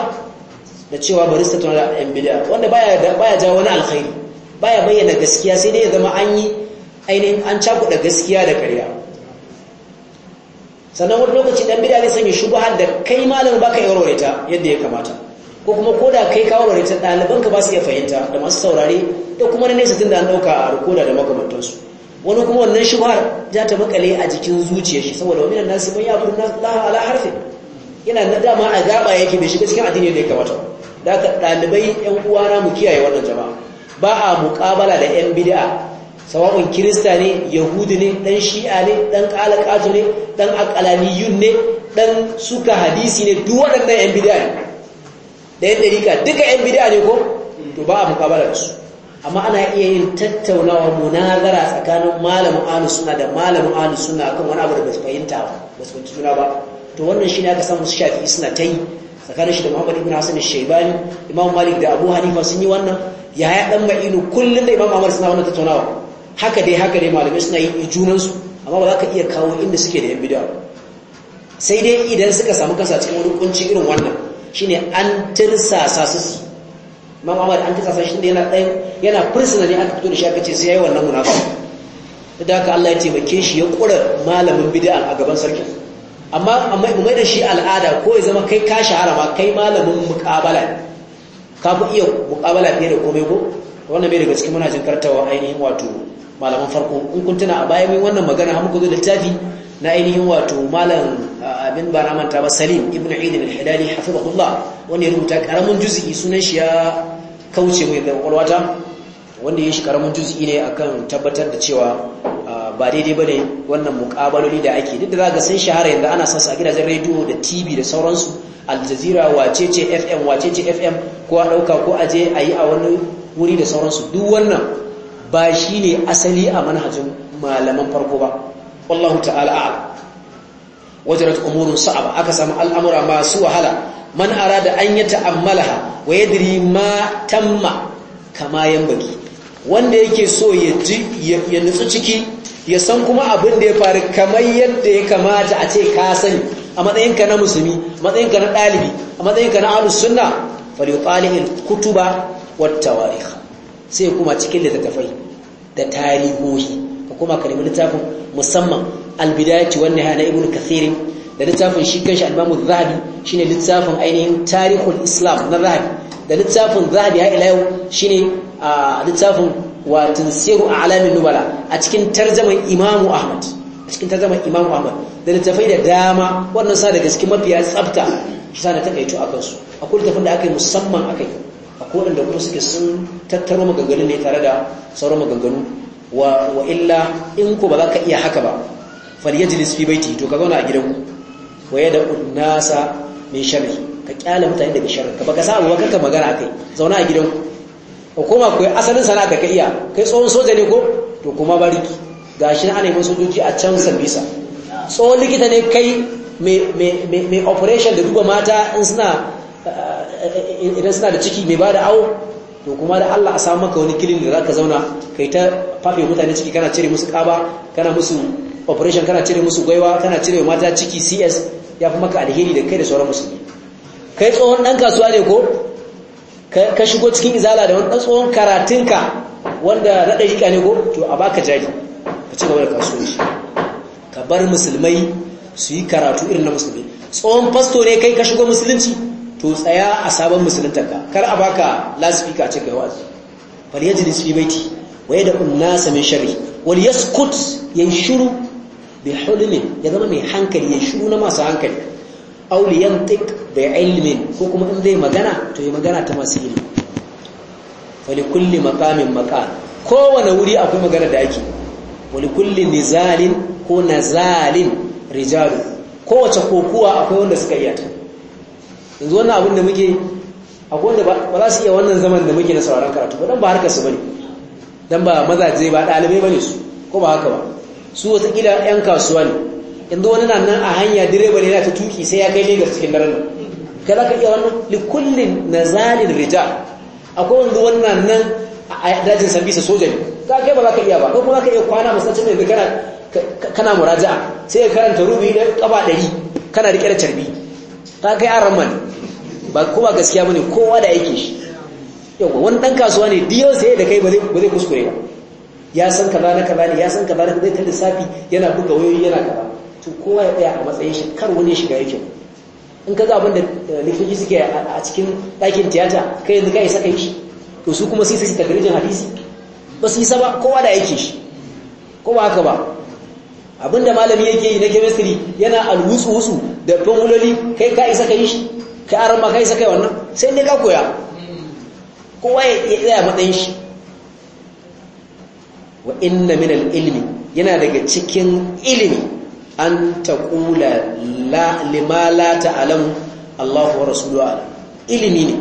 da cewa barista tana da yan bid'a wanda baya baya jawo wani alkhairi baya bayyana gaskiya sai dai ya zama an yi ainihin an cakuɗa gaskiya da ƙarya sannan wani lokaci ɗan bid'a ne sanya shubuhar da kai malamin baka yi ta yadda ya kamata ko kuma ko da kai kawo ta ɗaliban ka ba su iya fahimta da masu saurare da kuma na nesa tun da an ɗauka a rikoda da makamantansu wani kuma wannan shubhar za ta makale a jikin zuciya shi saboda wani nan nasu ya fi ala harfin yana na dama a gaba yake bai shiga cikin addini da ya kamata da ka ɗalibai yan uwana mu kiyaye wannan jama'a ba a muƙabala da yan bid'a sawa'un kirista ne yahudi ne dan shi'a ne dan qalaqatu ne dan aqlaniyun ne dan suka hadisi ne duk waɗannan yan bid'a ne da yadda rika duka yan bid'a ne ko to ba a mukabala da su amma ana iya yin tattaunawa munazara tsakanin malamin ahlus sunna da malamin ahlus sunna akan wani abu da basu fahimta ba basu fahimci juna ba to wannan shine aka samu shafi suna ta yi tsakanin shi da Muhammad ibn hasan shaybani Imam Malik da Abu Hanifa sun yi wannan ya ya dan ma'inu kullum da Imam Ahmad suna wannan tattaunawa haka dai haka dai malamai suna yi junan su amma ba za ka iya kawo inda suke da yan bid'a sai dai idan suka samu kasa cikin wani kunci irin wannan shine an tirsasa su Mamu Ahmad an tirsasa shi ne yana ɗaya yana fursuna ne aka fito da shi aka ce sai ya yi wannan munafiki da aka Allah ya taimake shi ya ƙura malamin bid'a a gaban sarki amma amma mai da shi al'ada ko ya zama kai ka shahara ma kai malamin muqabala ka bu iya mukabala fiye da komai ko wannan bai daga cikin muna jin kartawa ainihin wato malaman farko in kun tuna a baya mai wannan magana har muka zo littafi na ainihin wato malam abin ba ramanta ba salim ibn aidin al-hilali hafizahullah wanda ya rubuta karamin juz'i sunan shi ya kauce mai da kwalwata wanda ya shi karamin juz'i ne akan tabbatar da cewa ba daidai ba ne wannan mukabaloli da ake duk da za ga sun shahara yanzu ana sansu a gidajen rediyo da tv da sauransu aljazira wacece fm wacece fm ko a ɗauka ko a je a yi a wani wuri da sauransu duk wannan ba shi ne asali a manhajin malaman farko ba wallahu ta'ala a'lam wajarat umurun sa'aba aka samu al'amura masu wahala man arada an yata'ammalaha wa yadri ma tamma kama yanbaki wanda yake so ya ji ya nutsu ciki ya san kuma abin da ya faru kamar yadda ya kamata a ce ka sani a matsayinka na musulmi a matsayinka na ɗalibi a matsayinka na ahlus sunna falyutali'il kutuba wat tawarikh sai kuma cikin littattafai da tarihohi ka koma ka nemi littafin musamman albidayati wani nihaya na ibnu kathir da littafin shi kanshi al-imamu zahabi ne littafin ainihin tarihul islam na zahabi da littafin zahabi har ila yau shine littafin watan wa tansiru a'lamin nubala a cikin tarjaman imamu ahmad a cikin tarjaman imamu ahmad da littafai da dama wannan sa daga cikin mafiya tsafta shi sa na takaito akan su akwai littafin da aka yi musamman yi. A akwai da kuma suke sun tattaro maganganu ne tare da sauran maganganu wa illa in ku ba za ka iya haka ba falyajlis fi baiti to ka zauna a gidanku wa yada nasa min sharri ka kyale mutane daga sharri ka baka sabu abu ka magana kai zauna a gidanku ko kuma ku asalin sana'a da ka iya kai tsohon soja ne ko to kuma bariki gashi ana yin sojoji a can sabisa tsohon likita ne kai mai operation da duba mata in suna eh, eh, eh, idan suna da ciki mai bada da awo to kuma da Allah a samu maka wani kilin da zaka zauna kai ta fafe mutane ciki kana cire musu kaba kana musu operation kana cire musu gwaiwa kana cire mata ciki CS ya fi maka alheri da kai da sauran musulmi kai tsohon dan kasuwa ne ko ka shigo cikin izala da wani tsohon karatunka wanda na ɗarika ne ko to a baka jari ka ci gaba da kasuwanci ka bar musulmai su yi karatu irin na musulmi tsohon fasto ne kai ka shigo musulunci to tsaya a sabon musulunta kar a baka lasifika a cikin wa'azi bal yajlis fi baiti wa yad'u an min sharri wal yaskut yanshuru bi hulmin ya zama mai hankali ya shuru na masu hankali aw li yantiq bi ilmin ko kuma in zai magana to ya magana ta masu ilmi fa li kulli maqamin maqal kowane wuri akwai magana da ake wa kulli nizalin ko nazalin rijalu kowace kokuwa akwai wanda suka iya ta yanzu wannan abin da muke akwai wanda ba za su iya wannan zaman da muke na sauran karatu ba don ba harkarsu ba ne don ba mazaje ba ɗalibai ne su ko ba haka ba su watakila 'yan kasuwa ne yanzu wani na nan a hanya direba ne yana ta tuki sai ya kai legas cikin daren nan ka za ka iya wannan likullin na zalin rija akwai wanda wannan nan a dajin sambisa soja ne ka kai ba za ka iya ba ko kuma za ka iya kwana masallacin da kana muraja sai ya karanta rubi da kaba ɗari kana riƙe da carbi ka kai aran mali ba kuma gaskiya bane kowa da aiki shi yau wani ɗan kasuwa ne diyo sai da kai ba zai kuskure ba ya san kaza na kaza ne ya san kaza na zai ta lissafi yana buga wayoyi yana kaza to kowa ya tsaya a matsayin shi kar wani ya shiga yake in ka ga abin da eh, likitoci suke a cikin ɗakin tiyata kai yanzu ka yi kai shi to su kuma sai su ta garejin hadisi ba su isa ba kowa da aiki shi ko ba haka ba abinda malami yake yi na chemistry yana alwusu-wusu da fanguloli kai ka isa ka yi shi ka aron ma ka isa kai wannan sai ne ka koya kowa ya tsaya matsayin shi wa inna min al’ilmi yana daga cikin ilimi an taƙula la lima la ta'lamu Allahu wa rasuluhu ala ilimi ne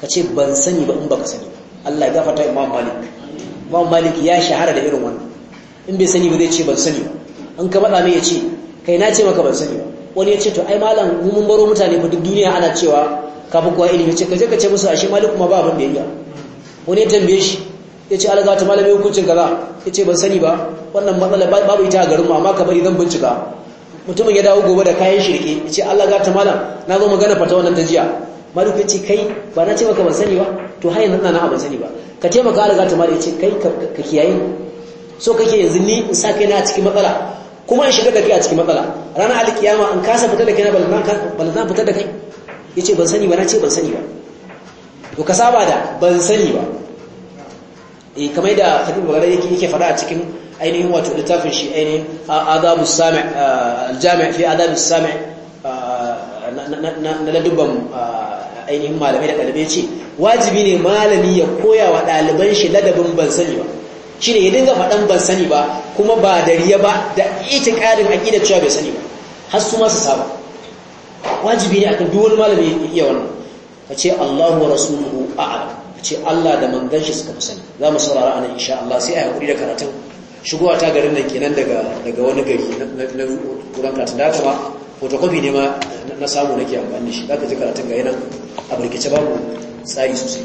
Ka ce ban sani ba in ba ka sani Allah ya gafarta Imam Malik Imam Malik ya shahara da irin wannan in bai sani ba zai ce ban sani ba an ka faɗa mai ya ce kai na ce maka ban sani wani ya ce to ai malam mu mun baro mutane ba duk duniya ana cewa ka fi kowa ilimi ce ka je ka ce musu ashe malam kuma ba abin da ya wani ya tambaye shi ya ce alaga ta malami hukuncin kaza ya ce ban sani ba wannan matsala babu ita a garinmu amma ka bari zan bincika mutumin ya dawo gobe da kayan shirke ya ce alaga ta malam na zo magana fata wannan ta jiya malam ya ce kai ba na ce maka ban sani ba to har yanzu na ban sani ba ka taimaka alaga ta malam ya ce kai ka kiyaye so kake yanzu ni in sa kai na cikin matsala kuma in shiga da kai a cikin matsala ranar alkiyama an kasa fita da kai na balazan fita da kai ya ce ban sani ba na ce ban sani ba to ka saba da ban sani ba e kamar da hadin magana yake yake fada a cikin ainihin wato littafin shi ainihin adabu sami aljami fi adabu sami na ladubban ainihin malamai da ɗalibai ce wajibi ne malami ya koya wa ɗaliban shi ladabin ban sani ba ne ya dinga faɗan ban sani ba kuma ba dariya ba da ita itiqadin da cewa bai sani ba har su ma su saba wajibi ne kan duk wani malami ya iya wannan ce Allahu wa rasuluhu A ce Allah da manzon shi suka fi sani mu saurara anan insha Allah sai a hakuri da karatun shigowa ta garin nan kenan daga daga wani gari na kuran karatun da kuma photocopy ne ma na samu nake amfani da shi zaka ji karatun ga yana a burkice babu tsari sosai